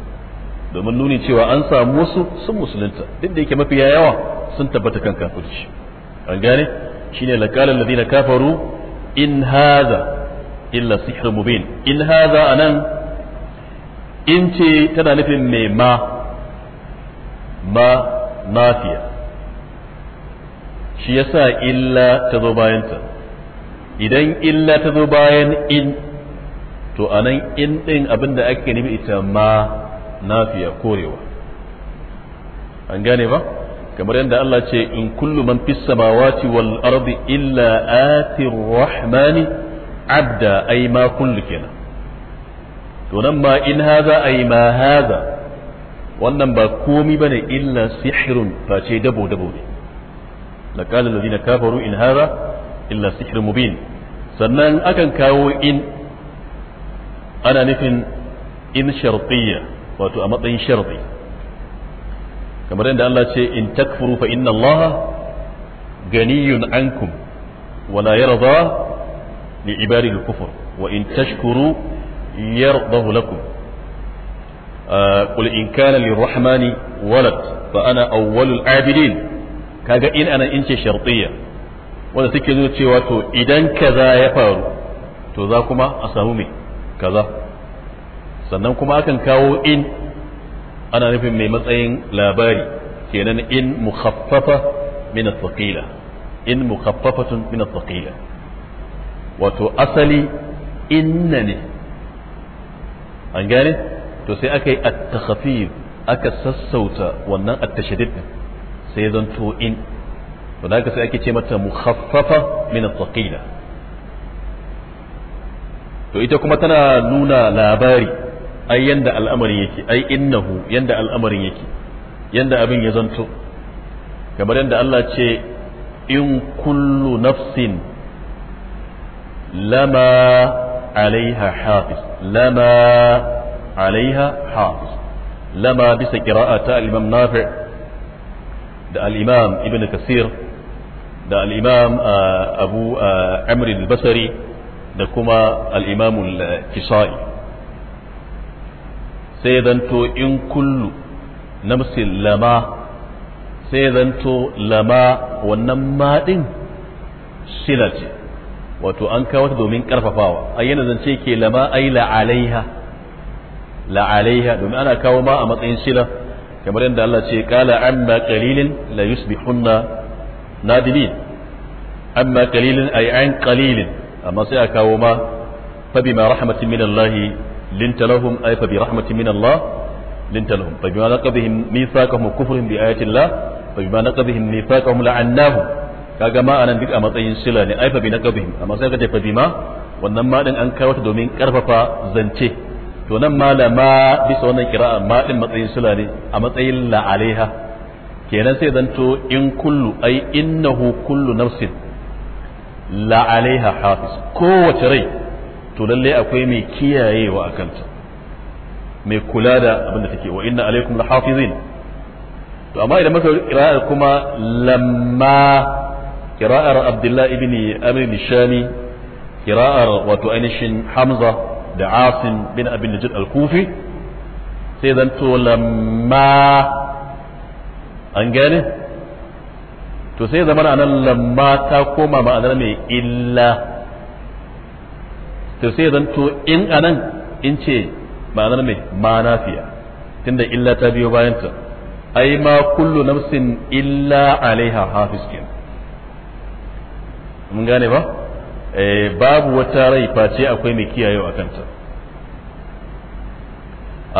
domin nuni cewa an samu wasu sun musulunta duk da yake mafi yawa sun tabbata kan kafirci an gane shine laqala alladhina kafaru in hadha illa sihrun mubin in hadha anan in ce tana nufin me ma ma nafiya shi yasa illa ta zo bayanta idan illa ta zo bayan in to anan in din abinda ake nufi ita ma nafiya korewa an gane ba kamar yadda Allah ce in kullu man fis samawati wal ardi illa ati rahmani abda ay ma kullu kenan to nan ma in haza ay ma haza wannan ba komi bane illa sihrun ce dabo dabo ne laqala alladhina kafaru in haza illa sihrun mubin sannan akan kawo in ana nufin in shartiyya wato a matsayin sharadi kamar yadda Allah ce in takfuru fa inna Allah ganiyun ankum wala yarda li ibadi kufur wa in tashkuru yardahu lakum قل إن كان للرحمن ولد فأنا أول العابدين كاجا إن أنا إنت شرطية wanda take nuna cewa to idan kaza ya faru to za kuma a samu me kaza sannan kuma akan kawo in ana nufin mai matsayin labari kenan in mukhaffafa min thaqila in mukhaffafatun min thaqila wato asali inna ne an gane to sai aka yi at-takhfif aka sassauta wannan at-tashdid sai zan to in to da sai ake ce mata mukhaffafa min thaqila to ita kuma tana nuna labari ai yanda al'amarin yake ai innahu yanda al'amarin yake yanda abin ya zanto kamar yanda Allah ce in kullu nafsin lama alaiha hafiz lama alaiha hafiz lama bisa kira'a ta al-imam nafi' da al-imam ibn kasir da al-imam uh, abu uh, amr al-basri da kuma al-imam al-kisai sai zanto in kullu namsin lama sai zanto lama wannan maɗin sila wato an kawo ta domin ƙarfafawa ayyana zance ke lama ai la'alaiha la'alaiha domin ana kawo ma a matsayin sila kamar yadda Allah ce kala amma qalilin la yusbihunna nadimin amma qalilin ay an qalilin amma sai a kawo ma fa bima rahmatin min Allah linta lahum ay fa bi rahmatin min Allah linta lahum fa bima naqabihim mithaqahum wa kufrihim bi kaga ma anan duk a matsayin sila ai wannan ma din an kawo ta domin karfafa zance to nan malama bisa wannan kira ma din matsayin sila ne a matsayin la alaiha kenan sai zanto in kullu ai innahu kullu nafsin la alaiha hafiz kowace rai to lalle akwai mai kiyayewa a kanta mai kula da abin da take wa inna alaikum hafizin to amma idan muka kira kuma lamma kira'ar abdullahi ibn amr nishani qira'ar wato ainihin hamza da asim bin abin najid al-kufi sai zan to lamma an gane to sai zama nan lamma ta koma ma'anar mai illa to sai to in anan in ce ma'anar mai ma nafiya tunda illa ta biyo bayan ta ai ma kullu nafsin illa alaiha hafiz mun gane ba eh, babu wata rai face akwai mai kiyaye a kanta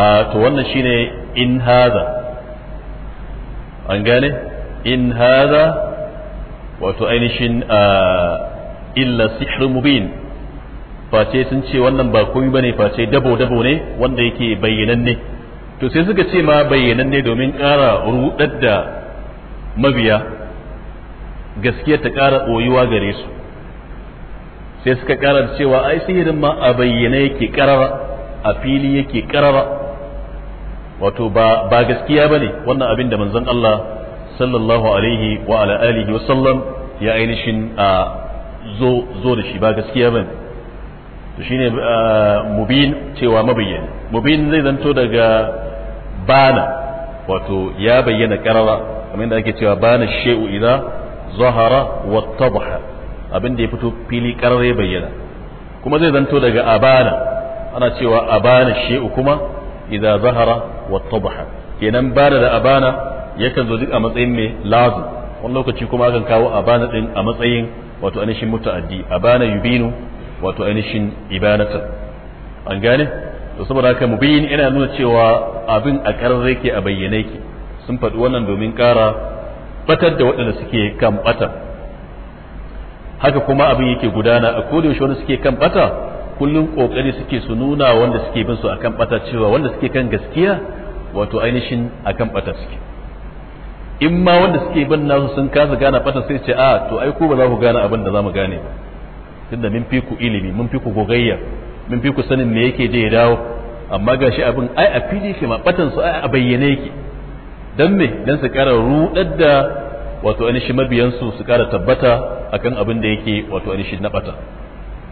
a to wannan shine in haza an gane in haza wato ainihin illa sihr mubin face sun ce wannan ba komai bane face dabo dabo ne wanda yake bayyananne to sai suka ce ma bayyananne domin ƙara rudar da mabiya gaskiya ta ƙara boyuwa gare su sai suka ƙara cewa ai sai sihirin ma a bayyana yake ƙarara a fili yake ƙarara wato ba ba gaskiya wannan abin da manzon Allah sallallahu alaihi wa ala alihi wa sallam ya ainihin a zo da shi ba gaskiya bane shine uh, mubin cewa mabayyani mubin zai zanto daga bana wato ya bayyana karara kamar yadda ake cewa bana she'u idan zahara wa tabaha abin da ya fito fili karar ya bayyana kuma zai zanto daga abana ana cewa abana she'u kuma idza zahara wa tabaha kenan bana da abana yakan zo duk a matsayin mai lazu wani lokaci kuma akan kawo abana din a matsayin wato mutu muta'addi abana yubinu wato ainihin ibanatan an gane to saboda haka mubayyin ina nuna cewa abin a ƙarar yake a bayyane ki sun faɗi wannan domin ƙara batar da waɗanda suke kan bata haka kuma abin yake gudana a koda yaushe wanda suke kan bata kullum kokari suke su nuna wanda suke bin su akan bata cewa wanda suke kan gaskiya wato ainihin akan bata suke in ma wanda suke bin nasu sun kasa gane bata sai ce a ah, to ai ku ba za ku gane abin da za mu gane ba tunda mun fi ku ilimi mun fi ku gogayya mun fi ku sanin me yake je ya dawo amma gashi abin ai a fili shi ma su ai a bayyane yake dan me dan su kara rudar da wato ainihin mabiyan su su kara tabbata akan abin da yake wato ainihin na bata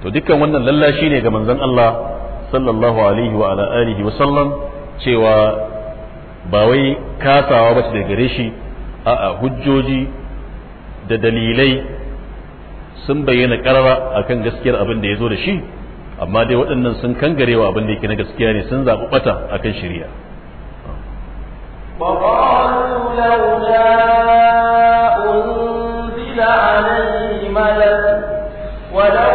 to dukkan wannan lallashi ne ga manzon Allah sallallahu alaihi wa ala alihi wa sallam cewa ba wai kasawa ba da gare shi a'a hujjoji da dalilai sun bayyana karara akan gaskiyar abin da ya zo da shi amma dai waɗannan sun kangarewa abin da yake na gaskiya ne sun zaɓi ɓata akan shari'a وقالوا لولا أنزل عليه ملك ولو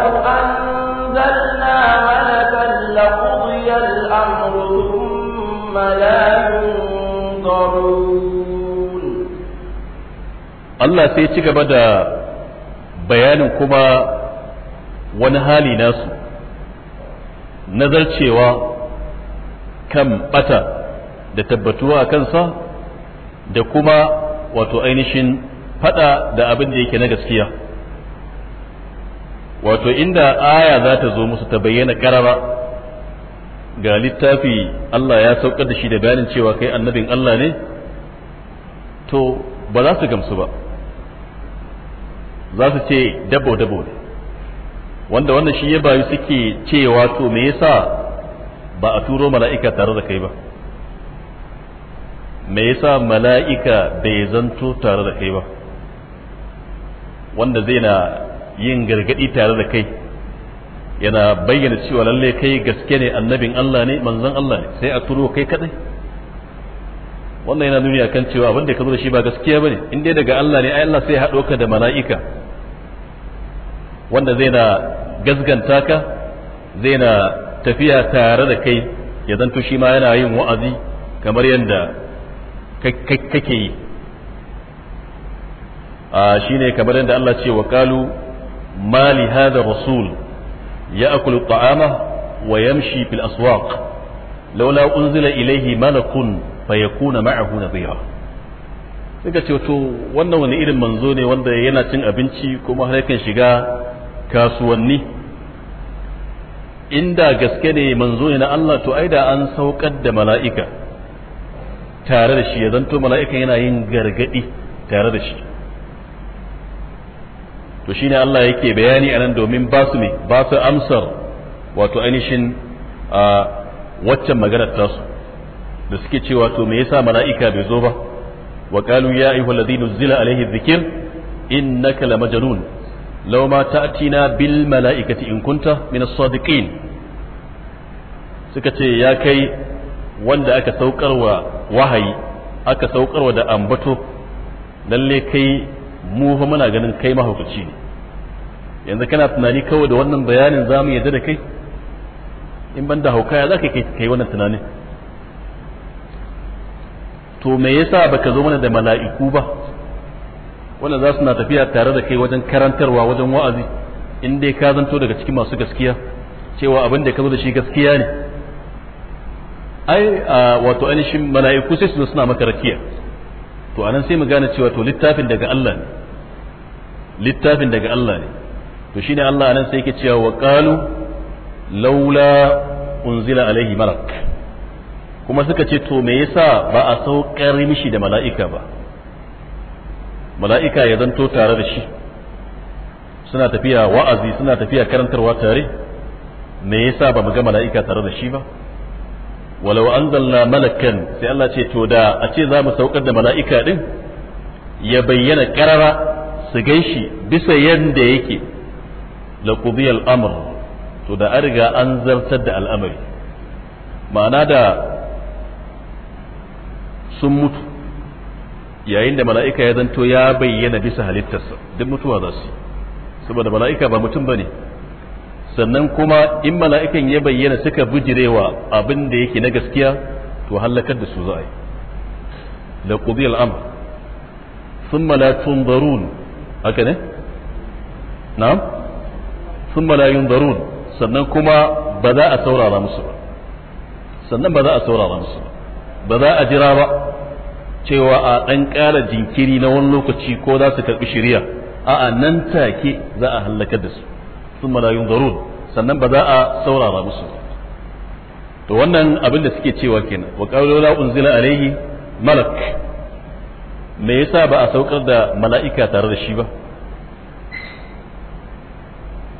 bayanin kuma wani hali nasu nazarcewa kan bata da tabbatuwa a kansa da kuma wato ainihin fada da abin da yake na gaskiya wato inda aya za ta zo musu ta bayyana karara ga littafi Allah ya saukar da shi da bayanin cewa kai annabin Allah ne to ba za su gamsu ba za su ce dabo dabo ne wanda wannan shi ya bayu suke cewa to me yasa ba a turo mala'ika tare da kai ba me yasa mala'ika bai zanto tare da kai ba wanda zai na yin gargadi tare da kai yana bayyana cewa lalle kai gaske ne annabin Allah ne manzon Allah ne sai a turo kai kadai wannan yana nuni akan cewa abin da ka zo da shi ba gaskiya bane in dai daga Allah ne ai Allah sai ya hado ka da mala'ika wanda zai na gasganta ka zai na tafiya tare da kai ya zanto shi ma yana yin wa'azi kamar yadda kake yi a shi ne kamar yadda Allah ce wa kalu mali hada rasul ya akulu ta'ama wa yamshi fil aswaq laula unzila ilaihi malakun fayakuna ma'ahu nadhira suka ce to wannan wani irin manzo ne wanda yana cin abinci kuma har yakan shiga kasuwanni inda gaske ne manzo ne na Allah to ai da an saukar da mala'ika tare da shi ya zanto mala'ikan yana yin gargadi tare da shi to shine Allah yake bayani anan domin ba su ne ba su amsar wato ainihin a waccan maganar tasu da suke cewa to me yasa mala'ika bai zo ba wa ya ayyuhal ladina zila alaihi dhikr innaka lamajnun law ma ta'tina bil mala'ikati in kunta min as-sadiqin suka ce ya kai wanda aka saukarwa wahayi aka saukarwa da ambato lalle kai mu fa muna ganin kai mahaukaci ne yanzu kana tunani kawai da wannan bayanin za mu yadda da kai in ban haukaya za ka kai wannan tunanin to me yasa baka zo mana da mala'iku ba wanda za su na tafiya tare da kai wajen karantarwa wajen wa'azi in dai ka zanto daga cikin masu gaskiya cewa abin da ka zo da shi gaskiya ne ai wato ainihin mala'iku sai su suna maka rakiya to anan sai mu gane cewa to littafin daga Allah ne littafin daga Allah ne to shine Allah anan sai yake cewa wa qalu laula unzila alaihi malak kuma suka ce to me yasa ba a saukar mishi da mala'ika ba mala'ika ya zanto tare da shi suna tafiya wa'azi suna tafiya karantarwa tare me yasa ba mu ga mala'ika tare da shi ba walau anzalna malakan sai Allah ce to da a ce za mu saukar da mala'ika din ya bayyana ƙarara su shi bisa yadda yake la qudiyal al'amur to da an riga an zartar da al'amari ma'ana da sun mutu yayin da mala'ika ya zanto ya bayyana bisa halittarsa duk mutuwa za su saboda mala'ika ba mutum ba ne sannan kuma in mala'ikan ya bayyana suka bujirewa abin da yake na gaskiya to hallakar da su za a yi da ƙudi al’am sun malatun zarun haka ne? na sun malayun zarun sannan kuma ba za a saurara musu ba sannan ba za a saurara musu ba ba za a jira ba cewa a ɗan ƙara jinkiri na wani lokaci ko za su karɓi shirya a'a nan take za a hallakar da su sun malayun zarun sannan ba za a saurara musu to wannan abin da suke cewa kenan wa qawla unzila alayhi malak me yasa ba a saukar da mala'ika tare da shi ba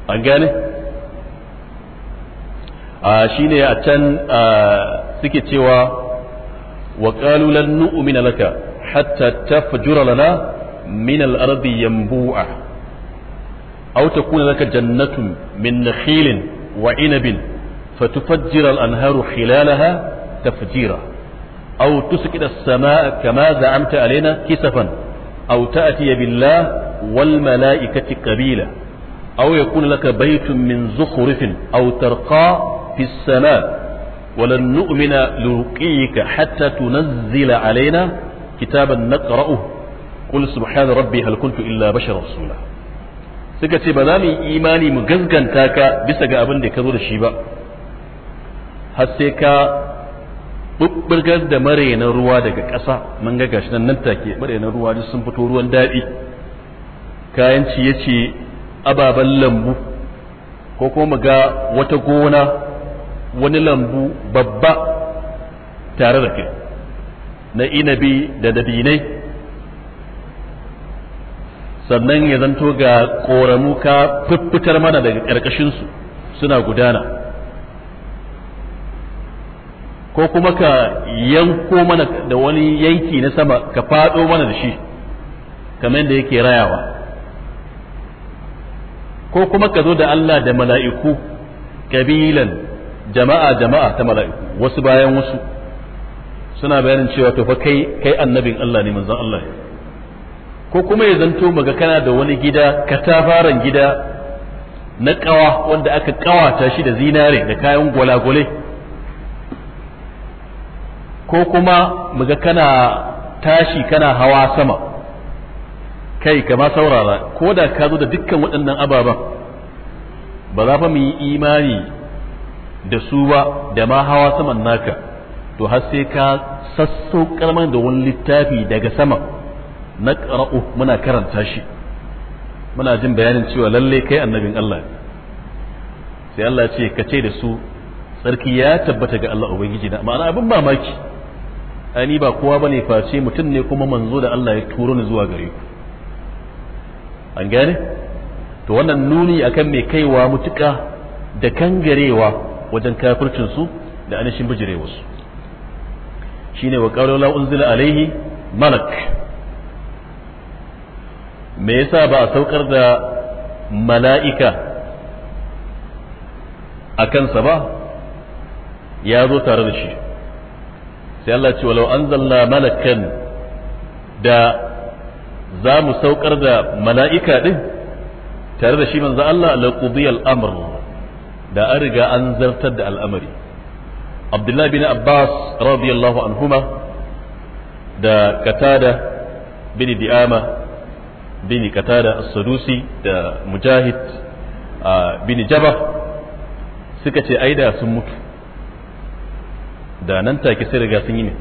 an gane a shine a can suke cewa وقالوا لن نؤمن لك حتى تفجر لنا من الأرض ينبوعا أو تكون لك جنة من نخيل وعنب فتفجر الأنهار خلالها تفجيرا أو تسكت السماء كما زعمت علينا كسفا أو تأتي بالله والملائكة قبيلا أو يكون لك بيت من زخرف أو ترقى في السماء ولن نؤمن لرقيك حتى تنزل علينا كتابا نقرأه قل سبحان ربي هل كنت إلا بشر رسولا suka ce ba za mu yi imani mu gazganta ka bisa ga abin da ka zo da shi ba har sai ka bubburgar da marainan ruwa daga ƙasa mun ga gashi nan take marainan ruwa duk sun fito ruwan daɗi kayan ciye-ciye ababen lambu ko kuma mu ga wata gona wani lambu babba tare da kai na inabi da dabinai sannan ya zanto ga ƙoramu ka fiffitar mana daga ƙarƙashinsu suna gudana ko kuma ka yanko mana da wani yanki na sama ka faɗo mana da shi kamar da yake rayawa ko kuma ka zo da Allah da mala'iku ƙabilan jama'a jama'a ta mala'iku wasu bayan wasu suna bayanin cewa to fa kai kai annabin Allah ne manzon Allah ko kuma ya zanto maga kana da wani gida katafaren gida na kawa wanda aka kawata shi da zinare da kayan gwalagwale ko kuma maga kana tashi kana hawa sama kai kama saurara ko da ka zo da dukkan waɗannan ababen ba za fa mu yi imani da su ba da ma hawa saman naka to har sai ka sasso mana da wani littafi daga sama na ƙara'u muna karanta shi muna jin bayanin cewa lalle kai annabin Allah sai Allah ce ka ce da su Sarki ya tabbata ga Allah ubangiji na ma'ana abin mamaki ani ba kowa bane face mutum ne kuma manzo da Allah ya turo ni zuwa gare ku an gane to wannan nuni akan mai kaiwa mutuka da kangarewa wajen kafircin su da anishin bijirewa su shine wa qawlu la unzila alaihi malak me yasa ba a saukar da mala'ika a kansa ba ya zo tare da shi sai Allah ce walau an zalla malakan da za mu saukar da mala'ika ɗin tare da shi manzo Allah laƙudiyar amur da an riga an zartar da al'amari abdullahi bin abbas radiyallahu anhuma da katada bin di'ama bin katada as-sadusi da mujahid bin jaba suka ce aida sun mutu da nan take sai riga sun yi ne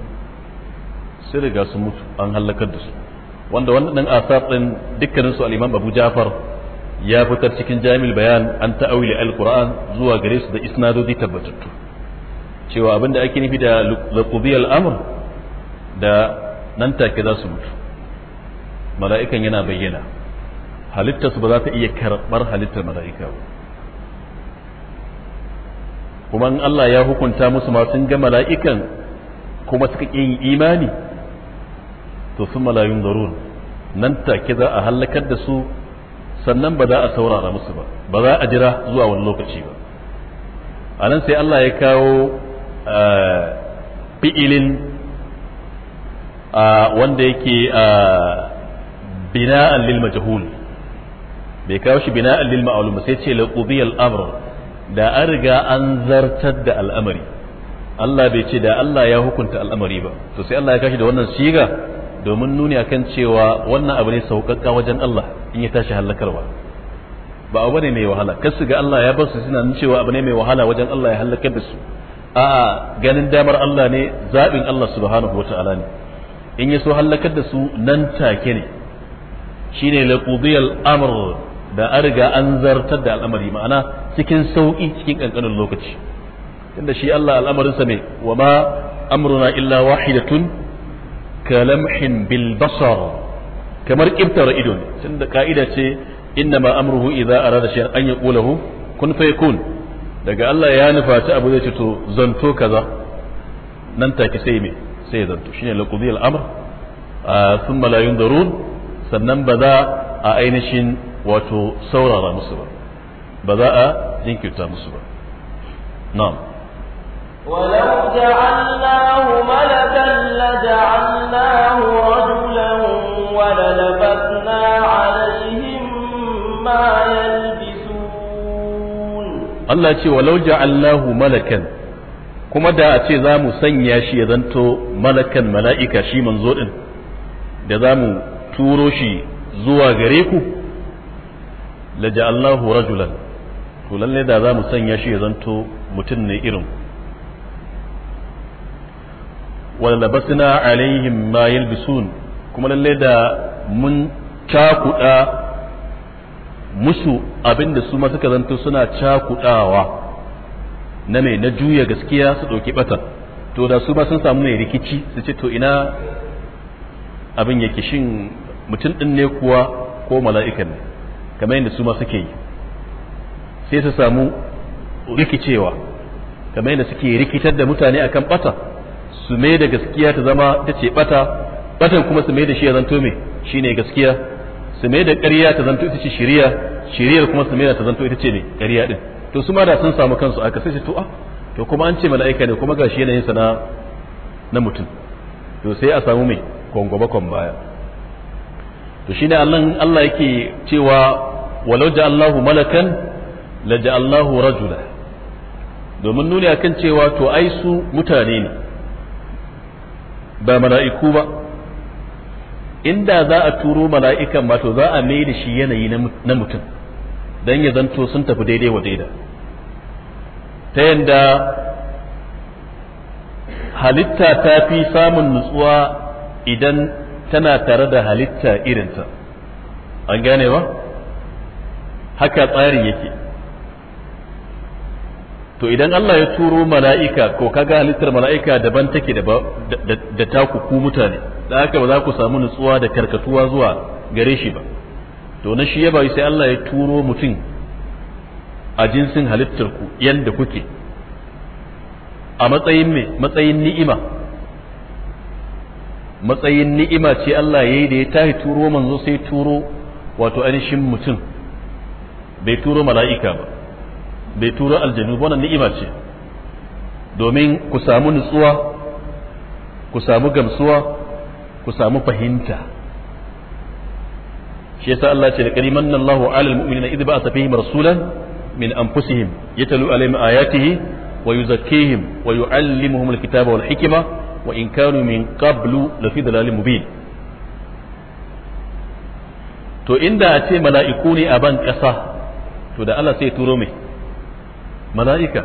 sai riga sun mutu an halakar da su wanda wannan asar din dukkanin su al-imam Abu Ja'far ya fitar cikin jami'il bayan an ta'awili alquran zuwa gare su da isnadodi tabbatattu cewa abinda ake nufi da laqudiyal amr da nan take za su mutu mala'ikan yana bayyana halittar su ba za ta iya karɓar halittar mala'ika ba kuma in Allah ya hukunta musu ma sun ga mala'ikan kuma suka ƙi yin imani to sun malayun zarur nan take za a hallakar da su sannan ba za a saurara musu ba ba za a jira zuwa wani lokaci ba a nan sai Allah ya kawo eh, fi'ilin eh, wanda yake eh, bina'an lil majhul bai kawo shi bina'an lil ma'lum sai ce la qudiyal amr da an riga an zartar da al'amari Allah bai ce da Allah ya hukunta al'amari ba to sai Allah ya kashi da wannan shiga domin nuni akan cewa wannan abu ne saukakka wajen Allah in ya tashi halakarwa ba abu ne mai wahala kar su ga Allah ya basu su suna cewa abu ne mai wahala wajen Allah ya hallakar da su ganin damar Allah ne zaɓin Allah subhanahu wa ta'ala ne in ya so hallakar da su nan take ne shine laqudiyal amr da an riga an zartar da al'amari ma'ana cikin sauƙi cikin ƙanƙanin lokaci tunda shi Allah al'amarinsa ne wa ma amruna illa wahidatun kalamhin bil kamar ibtar idon da ka'ida ce innama amruhu idza arada shay'an an yaqulahu kun fayakun daga Allah ya nufaci abu zai ce to zanto kaza nan take sai me sai zanto shine laqudi al-amr ah, thumma la yunzarun sannan ba za a ainihin wato saurara musu ba ba za a jinkirta musu ba na'am ولو جعلناه ملكا لجعلناه رجلا وللبسنا عليهم ما يلبسون الله يقول ولو جعلناه ملكا kuma da a ce za mu sanya shi ya zanto malakan mala'ika shi da za mu turo shi zuwa gare ku laja'allahu rajulan to lalle da za mu sanya shi ya zanto mutum ne irin wa labasna alaihim ma yalbisun kuma lalle da mun cakuɗa musu abinda su ma suka zanto suna cakuɗawa na me na juya gaskiya su ɗauki ɓata to da su ba sun samu mai rikici su ce to ina abin yake shin mutum ɗin ne kuwa ko mala'ikan ne kamar yadda su ma suke yi sai su samu rikicewa kamar yadda suke rikitar da mutane akan ɓata su mai da gaskiya ta zama ta ce bata batan kuma su mai da shi ya zanto me ne gaskiya su mai da ƙarya ta zanto ita ce shiriya shiriyar kuma su mai da ta zanto ita ce ne ƙarya din to su ma da sun samu kansu aka sai to a ah, to kuma an ce mala'ika ne kuma gashi yanayin sa na na mutum to sai a samu mai kongoba kon baya to shine Allah Allah yake cewa walau allahu malakan la allahu rajula domin nuni akan cewa to ai su mutane ne ba mala'iku ba inda za a turo mala'ikan ba to za a mai da shi yanayi na mutum don ya zanto sun tafi daidai wa daida ta yanda halitta ta fi samun nutsuwa idan tana tare da halitta irinta an gane ba haka tsarin yake to idan Allah ya turo mala'ika ko kaga halittar mala'ika daban take da taku ku mutane da aka ba za ku samu nutsuwa da karkatuwa zuwa gare shi ba to na shi ya bayi sai Allah ya turo mutum a jinsin halittar ku yanda kuke a matsayin me matsayin ni'ima matsayin ni'ima ce Allah ya yi da ya tahi turo manzo sai turo wato ainihin mutum bai turo mala'ika ba bai turo aljanu ba wannan ni'ima ce domin ku samu nutsuwa ku samu gamsuwa ku samu fahimta shi yasa Allah ce da kariman nan Allahu alal mu'minina idh ba'atha fihim rasulan min anfusihim yatalu alaihim ayatihi wa yuzakkihim wa yu'allimuhum alkitaba wal hikma wa in kanu min qablu lafi dalalin mubin to inda a ce mala'iku ne a ban ƙasa to da Allah sai turo mai mala'ika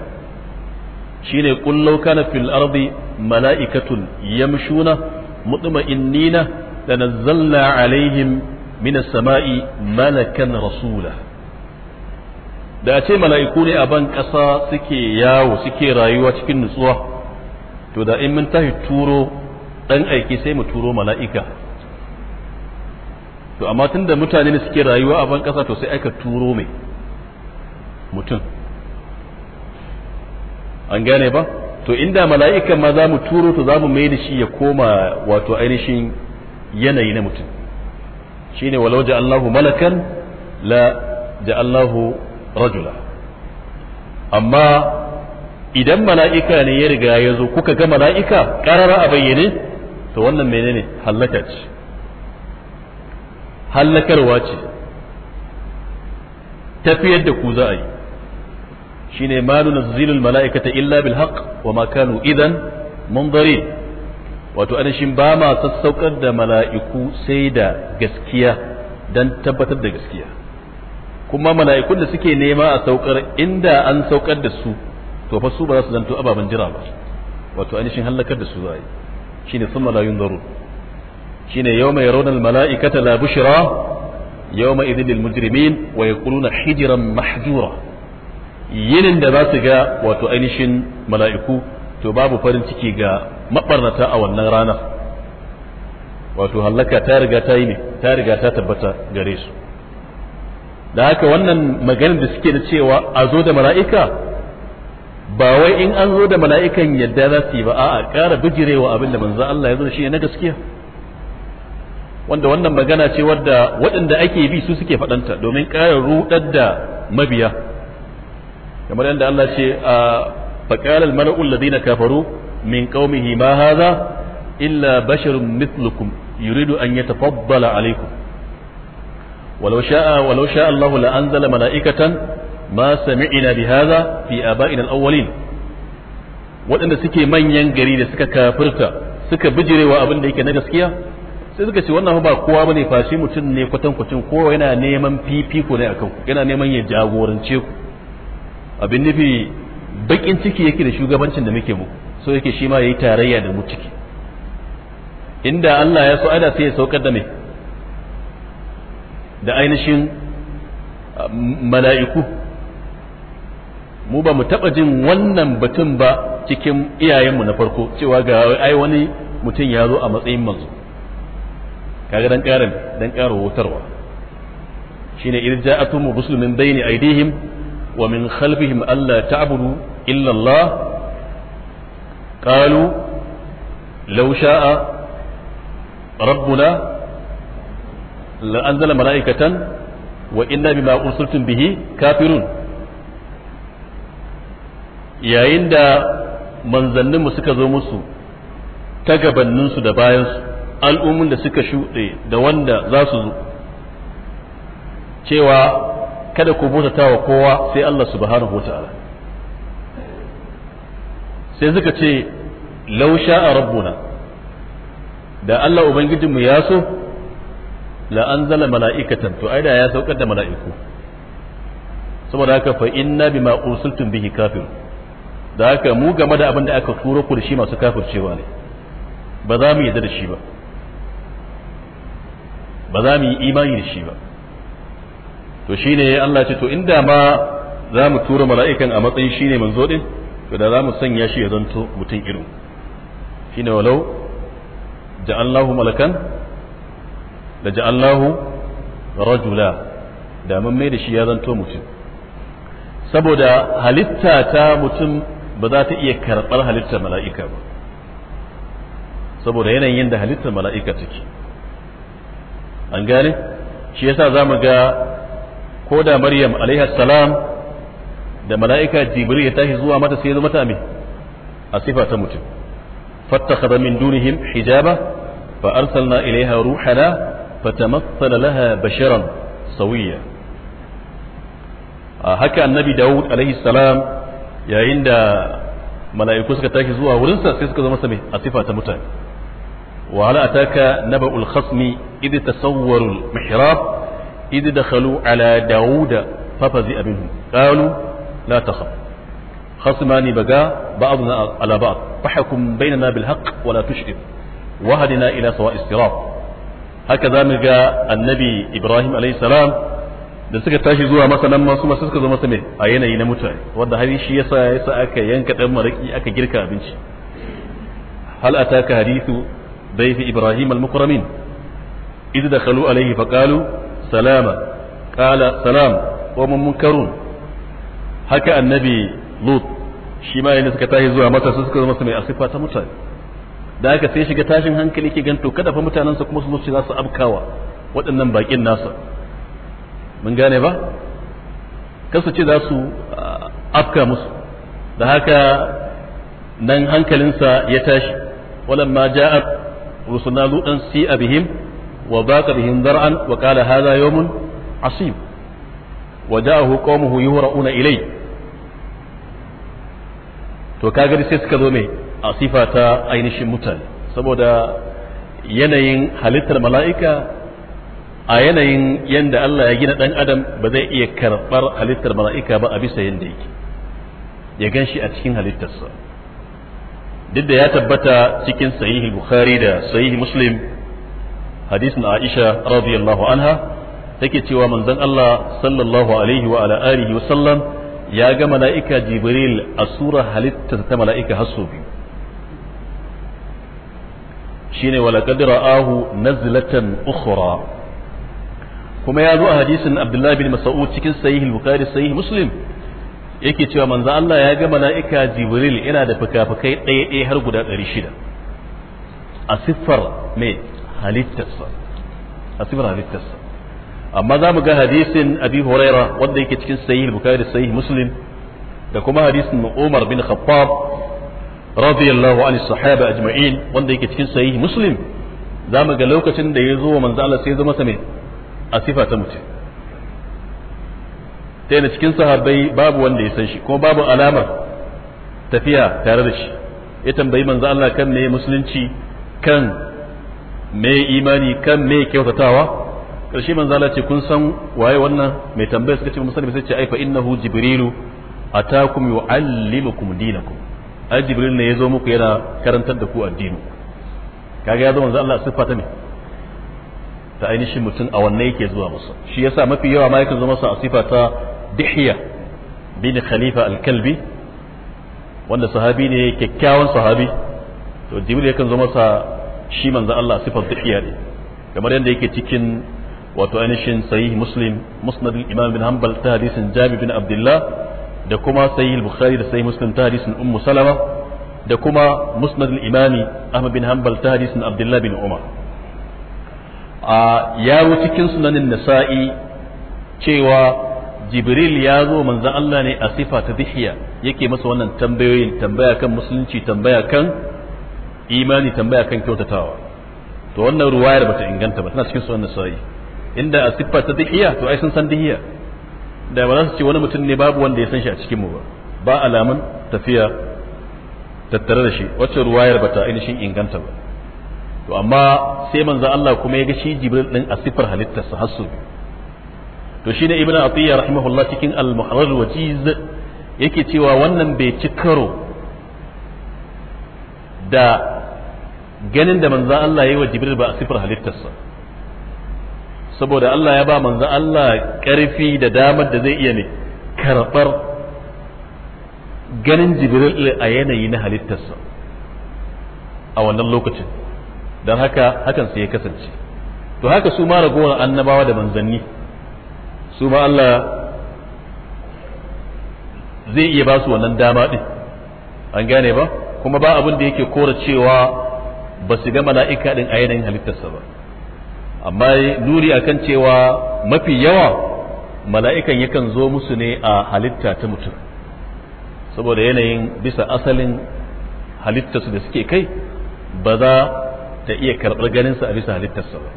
shine ne law kana fil ardi mala'ikatun yamshuna mutma'innina lanazzalna alaihim min as-sama'i malakan rasula da ce mala'iku ne a ban ƙasa suke yawo suke rayuwa cikin nutsuwa to da in mun tashi turo ɗan aiki sai mu turo mala'ika to amma tun da mutane ne suke rayuwa a ban ƙasa to sai aka turo mai mutum an gane ba to inda mala'ikan ma za mu turo to za mu mai da shi ya koma wato ainihin yanayi na mutum shine walau Allahu malakan la Allahu rajula amma idan mala'ika ne ya riga ya zo kuka ga mala'ika ƙarara a bayyane to wannan menene hallaka ce hallakarwa ce tafiyar da ku za a yi shine malu nazzilul mala'ikata illa bil haqq wa ma kanu idan mundarin wato anashin ba ma sassaukar da mala'iku sai da gaskiya dan tabbatar da gaskiya kuma mala'ikun da suke nema a saukar inda an saukar da su to fa su ba za su zanto ababen jira ba wato anishin halakar da su za a yi shine sun malayun zaro shine yau mai raunar mala'ikata la bushira yau mai idin lil mujrimin wa ya kuluna hijiran mahjura yinin da za su ga wato ainihin mala'iku to babu farin ciki ga maɓarnata a wannan rana wato hallaka ta riga ta yi ne ta riga ta tabbata gare su da haka wannan maganin da suke da cewa a zo da mala'ika ba wai in an zo da mala'ikan yadda za su yi ba a'a ƙara bijirewa abin da manzo Allah ya zo shi na gaskiya wanda wannan magana ce wadda waɗanda ake bi su suke faɗanta domin ƙara ruɗar da mabiya kamar yadda Allah ce a faqala al kafaru min qaumihi ma hadha illa basharun mithlukum yuridu an yatafaddala alaykum ولو شاء ولو شاء الله لأنزل ملائكة ما سمعنا بهذا في آبائنا الأولين waɗanda suke manyan gari da suka kafirta suka bijirewa abin yake na gaskiya sai suka ce wannan ba kowa bane fashi mutum ne kwatankwacin kowa yana neman fifiko yana neman ya jagorance ku abin nufi bakin ciki yake da shugabancin da muke mu so yake shi ma yayi tarayya da mu ciki inda Allah ya so ada sai ya saukar da me da ainihin mala'iku mu ba mu taɓa jin wannan batun ba cikin iyayenmu na farko cewa ga ai wani mutum ya zo a matsayin manzo kaga dan karin dan ƙara wutarwa shine irja'atu mu rusulun bayni aidihim wa min khalfihim alla ta'budu illa Allah qalu law sha'a rabbuna la anzala mala'ikatan wa inna bima ursiltum bihi kafirun yayin da manzanninmu suka zo musu ta gabanninsu da bayansu al'ummin da suka shuɗe da wanda za su zo cewa kada ku bautata wa kowa sai Allah subhanahu wataala sai suka ce lausha a rabbuna da Allah ubangijinmu ya so la anzala mala'ikatan to ai da ya saukar da mala'iku saboda haka fa inna bima ursiltum bihi kafir da haka mu game da abin da aka turo ku da shi masu cewa ne ba za mu yarda da shi ba ba za mu yi imani da shi ba to shine Allah ce to inda ma za mu tura mala'ikan a matsayin shine manzo din to da za mu sanya shi ya zanto mutum irin shine walau ja'allahu malakan da ja'allahu rajula da mun mai da shi ya zanto mutum saboda halitta ta mutum ba za ta iya karɓar halittar mala'ika ba saboda yanayin da halittar mala'ika take an gane shi yasa za mu ga ko da maryam alaihi salam da mala'ika jibril ya tashi zuwa mata sai ya zama ta me a sifa ta mutum fattakhadha min dunihim hijaba fa arsalna ilaiha ruhana fatamassala laha basharan sawiya haka annabi daud alaihi salam yayin da mala'iku suka tashi zuwa wurin sa sai suka zama sa me a sifa ta mutane وهل أتاك نبأ الخصم إذ تصوروا المحراب إذ دخلوا على داود ففزع منهم قالوا لا تخف خصمان بقى بعضنا على بعض فحكم بيننا بالحق ولا تشرك وهدنا إلى سواء الصراط هكذا ملقى النبي إبراهيم عليه السلام da suka tashi zuwa masa nan masu masu suka zo masa mai a yanayi na mutane wanda har shi yasa yasa aka yanka dan maraki aka girka abinci hal ataka hadithu dayfi ibrahim al-mukramin idh dakhalu alayhi faqalu salama qala haka annabi lut shi ma yana suka tashi zuwa masa suka asifa ta da haka sai shiga tashin hankali ke ganto kada fa kuma su bakin kasu ce za su ah, afka musu da haka nan hankalinsa ya tashi walamma ja'a rusulna lutan si abihim wa baka bihim dar'an wa qala asib wa ja'ahu qaumuhu yuhra'una ilay to kaga sai suka zo mai a sifa ta ainihin mutane saboda yanayin halittar mala'ika a yanayin yanda Allah ya gina ɗan adam ba zai iya karɓar halittar mala'ika ba a bisa yanda yake ya gan shi a cikin halittarsa duk da ya tabbata cikin sahihi bukhari da sahihi muslim hadisin Aisha radiyallahu anha take cewa manzon Allah sallallahu alaihi wa ala wa sallam ya ga mala'ika Jibril a sura halittar ta mala'ika hasso biyu shine wala qadra ahu nazlatan ukhra kuma ya zo a hadisin Abdullah bin Mas'ud cikin sahih al-Bukhari sahih Muslim yake cewa manzo Allah ya ga mala'ika Jibril yana da fuka-fukai ɗaya ɗaya har guda ɗari shida. a siffar mai halittarsa a sifar halittarsa amma za mu ga hadisin abi huraira wanda yake cikin sahih bukhari da sahih muslim da kuma hadisin umar bin khattab radiyallahu anhu sahaba ajma'in wanda yake cikin sahih muslim za mu ga lokacin da ya zo wa manzo Allah sai ya zama sa a sifa ta mutum ta yana cikin sahabbai babu wanda ya san shi ko babu alamar tafiya tare da shi ya tambayi manzo Allah kan ne musulunci kan me imani kan me kyautatawa karshe manzala ce kun san waye wannan mai tambaya suka ce mun sani sai ce ai fa innahu jibrilu atakum yuallimukum dinakum ai jibril ne yazo muku yana karantar da ku addini kaga yazo manzo Allah siffa ta ne ta ainihin mutum a wannan yake zuwa musu shi yasa mafi yawa ma yakan zo masa a sifa ta dihiya bin khalifa al-kalbi wanda sahabi ne kyakkyawan sahabi to jibril yakan zo masa shi manzo Allah sifar iya ne kamar yadda yake cikin wato ainihin sahih muslim musnad imam bin hanbal ta hadisin jabir bin abdullah da kuma sahih bukhari da sahih muslim ta hadisin ummu salama da kuma musnad imam ahmad bin hanbal ta hadisin abdullah bin umar a yawo cikin sunanin nasa'i cewa jibril ya zo manzo Allah ne a sifa ta dihiya yake masa wannan tambayoyin tambaya kan musulunci tambaya kan imani tambaya kan kyautatawa to wannan ruwayar bata inganta ba tana cikin sunan nasa'i inda a siffar ta dihiya to ai sun san dihiya da ba za su ce wani mutum ne babu wanda ya san shi a cikin mu ba ba alamun tafiya tattare da shi wacce ruwayar bata ainihin inganta ba to amma sai manzo Allah kuma ya ga shi Jibril din a siffar halittarsa sa su to shine Ibn Atiyya rahimahullah cikin al-Muharrar wajiz yake cewa wannan bai ci karo da ganin da manzan Allah ya yi wa jibril ba a sifar halittarsa saboda Allah ya ba manzan Allah karfi da damar da zai iya ne karɓar ganin jibril a yanayi na halittarsa a wannan lokacin don haka hakan sai ya kasance to haka su ma ragowar annabawa da manzanni su ma Allah zai iya ba su wannan dama ɗin an gane ba kuma ba abin da yake kora cewa ba su ga mala'ika din a yanayin halittarsa ba amma nuri akan cewa mafi yawa mala'ikan yakan zo musu ne a halitta ta mutum saboda yanayin bisa asalin halittarsu da suke kai ba za ta iya karɓar ganinsa a bisa halittarsa ba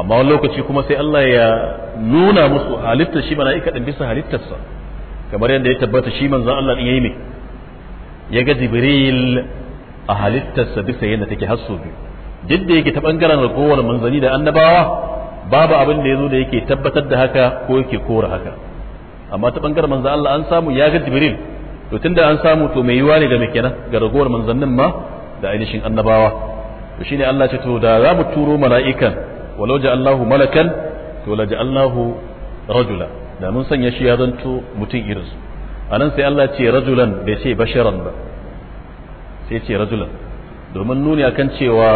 amma wani lokaci kuma sai Allah ya nuna musu halittar shi mala'ika ɗin bisa halittarsa kamar yadda ya tabbata shi manzan Allah ya yi ne ya ga Jibril a halittarsa bisa yadda take har sau biyu duk da yake ta bangaren ragowar manzanni da annabawa babu abin da ya zo da yake tabbatar da haka ko yake kora haka amma ta bangaren manza Allah an samu ya ga Jibril to tunda an samu to mai yiwa ne ga mai kenan ga ragowar manzannin ma da ainihin annabawa to shine Allah ce to da za mu turo mala'ikan walau Allahu malakan to la Allahu rajula da mun sanya shi ya zanto mutum irinsu anan sai Allah ce rajulan bai ce basharan ba sai ce rajulan domin nuni akan cewa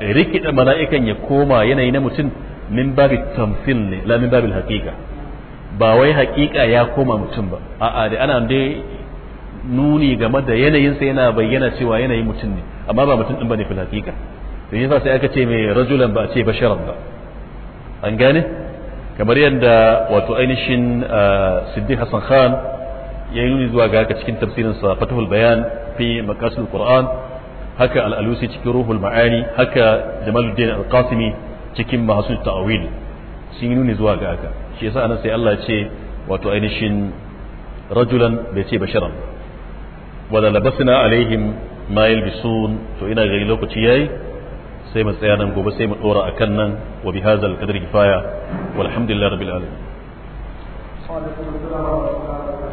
rikida mala'ikan ya koma yanayi na mutum min babi tamfil ne la min babil haqiqa ba wai haqiqa ya koma mutum ba a'a da ana dai nuni game da yanayinsa yana bayyana cewa yanayin mutum ne amma ba mutum din bane fil haqiqa to yasa sai aka ce mai rajulan ba a ce basharan ba an gane kamar yadda wato ainihin ah, siddiq hasan khan ya yi nuni zuwa ga cikin tafsirinsa fatahul bayan littattafai makasin Qur'an haka al'alusi cikin ruhul ma'ani haka jamaluddin al cikin masu ta'awil sun yi nuni zuwa ga shi yasa na sai Allah ya ce wato ainihin rajulan bai ce basharan wala labasna alaihim ma yalbisun to ina gari lokaci yayi sai mu tsaya nan gobe sai mu dora akan nan wa bi hadzal qadri kifaya walhamdulillahi rabbil alamin صادق الله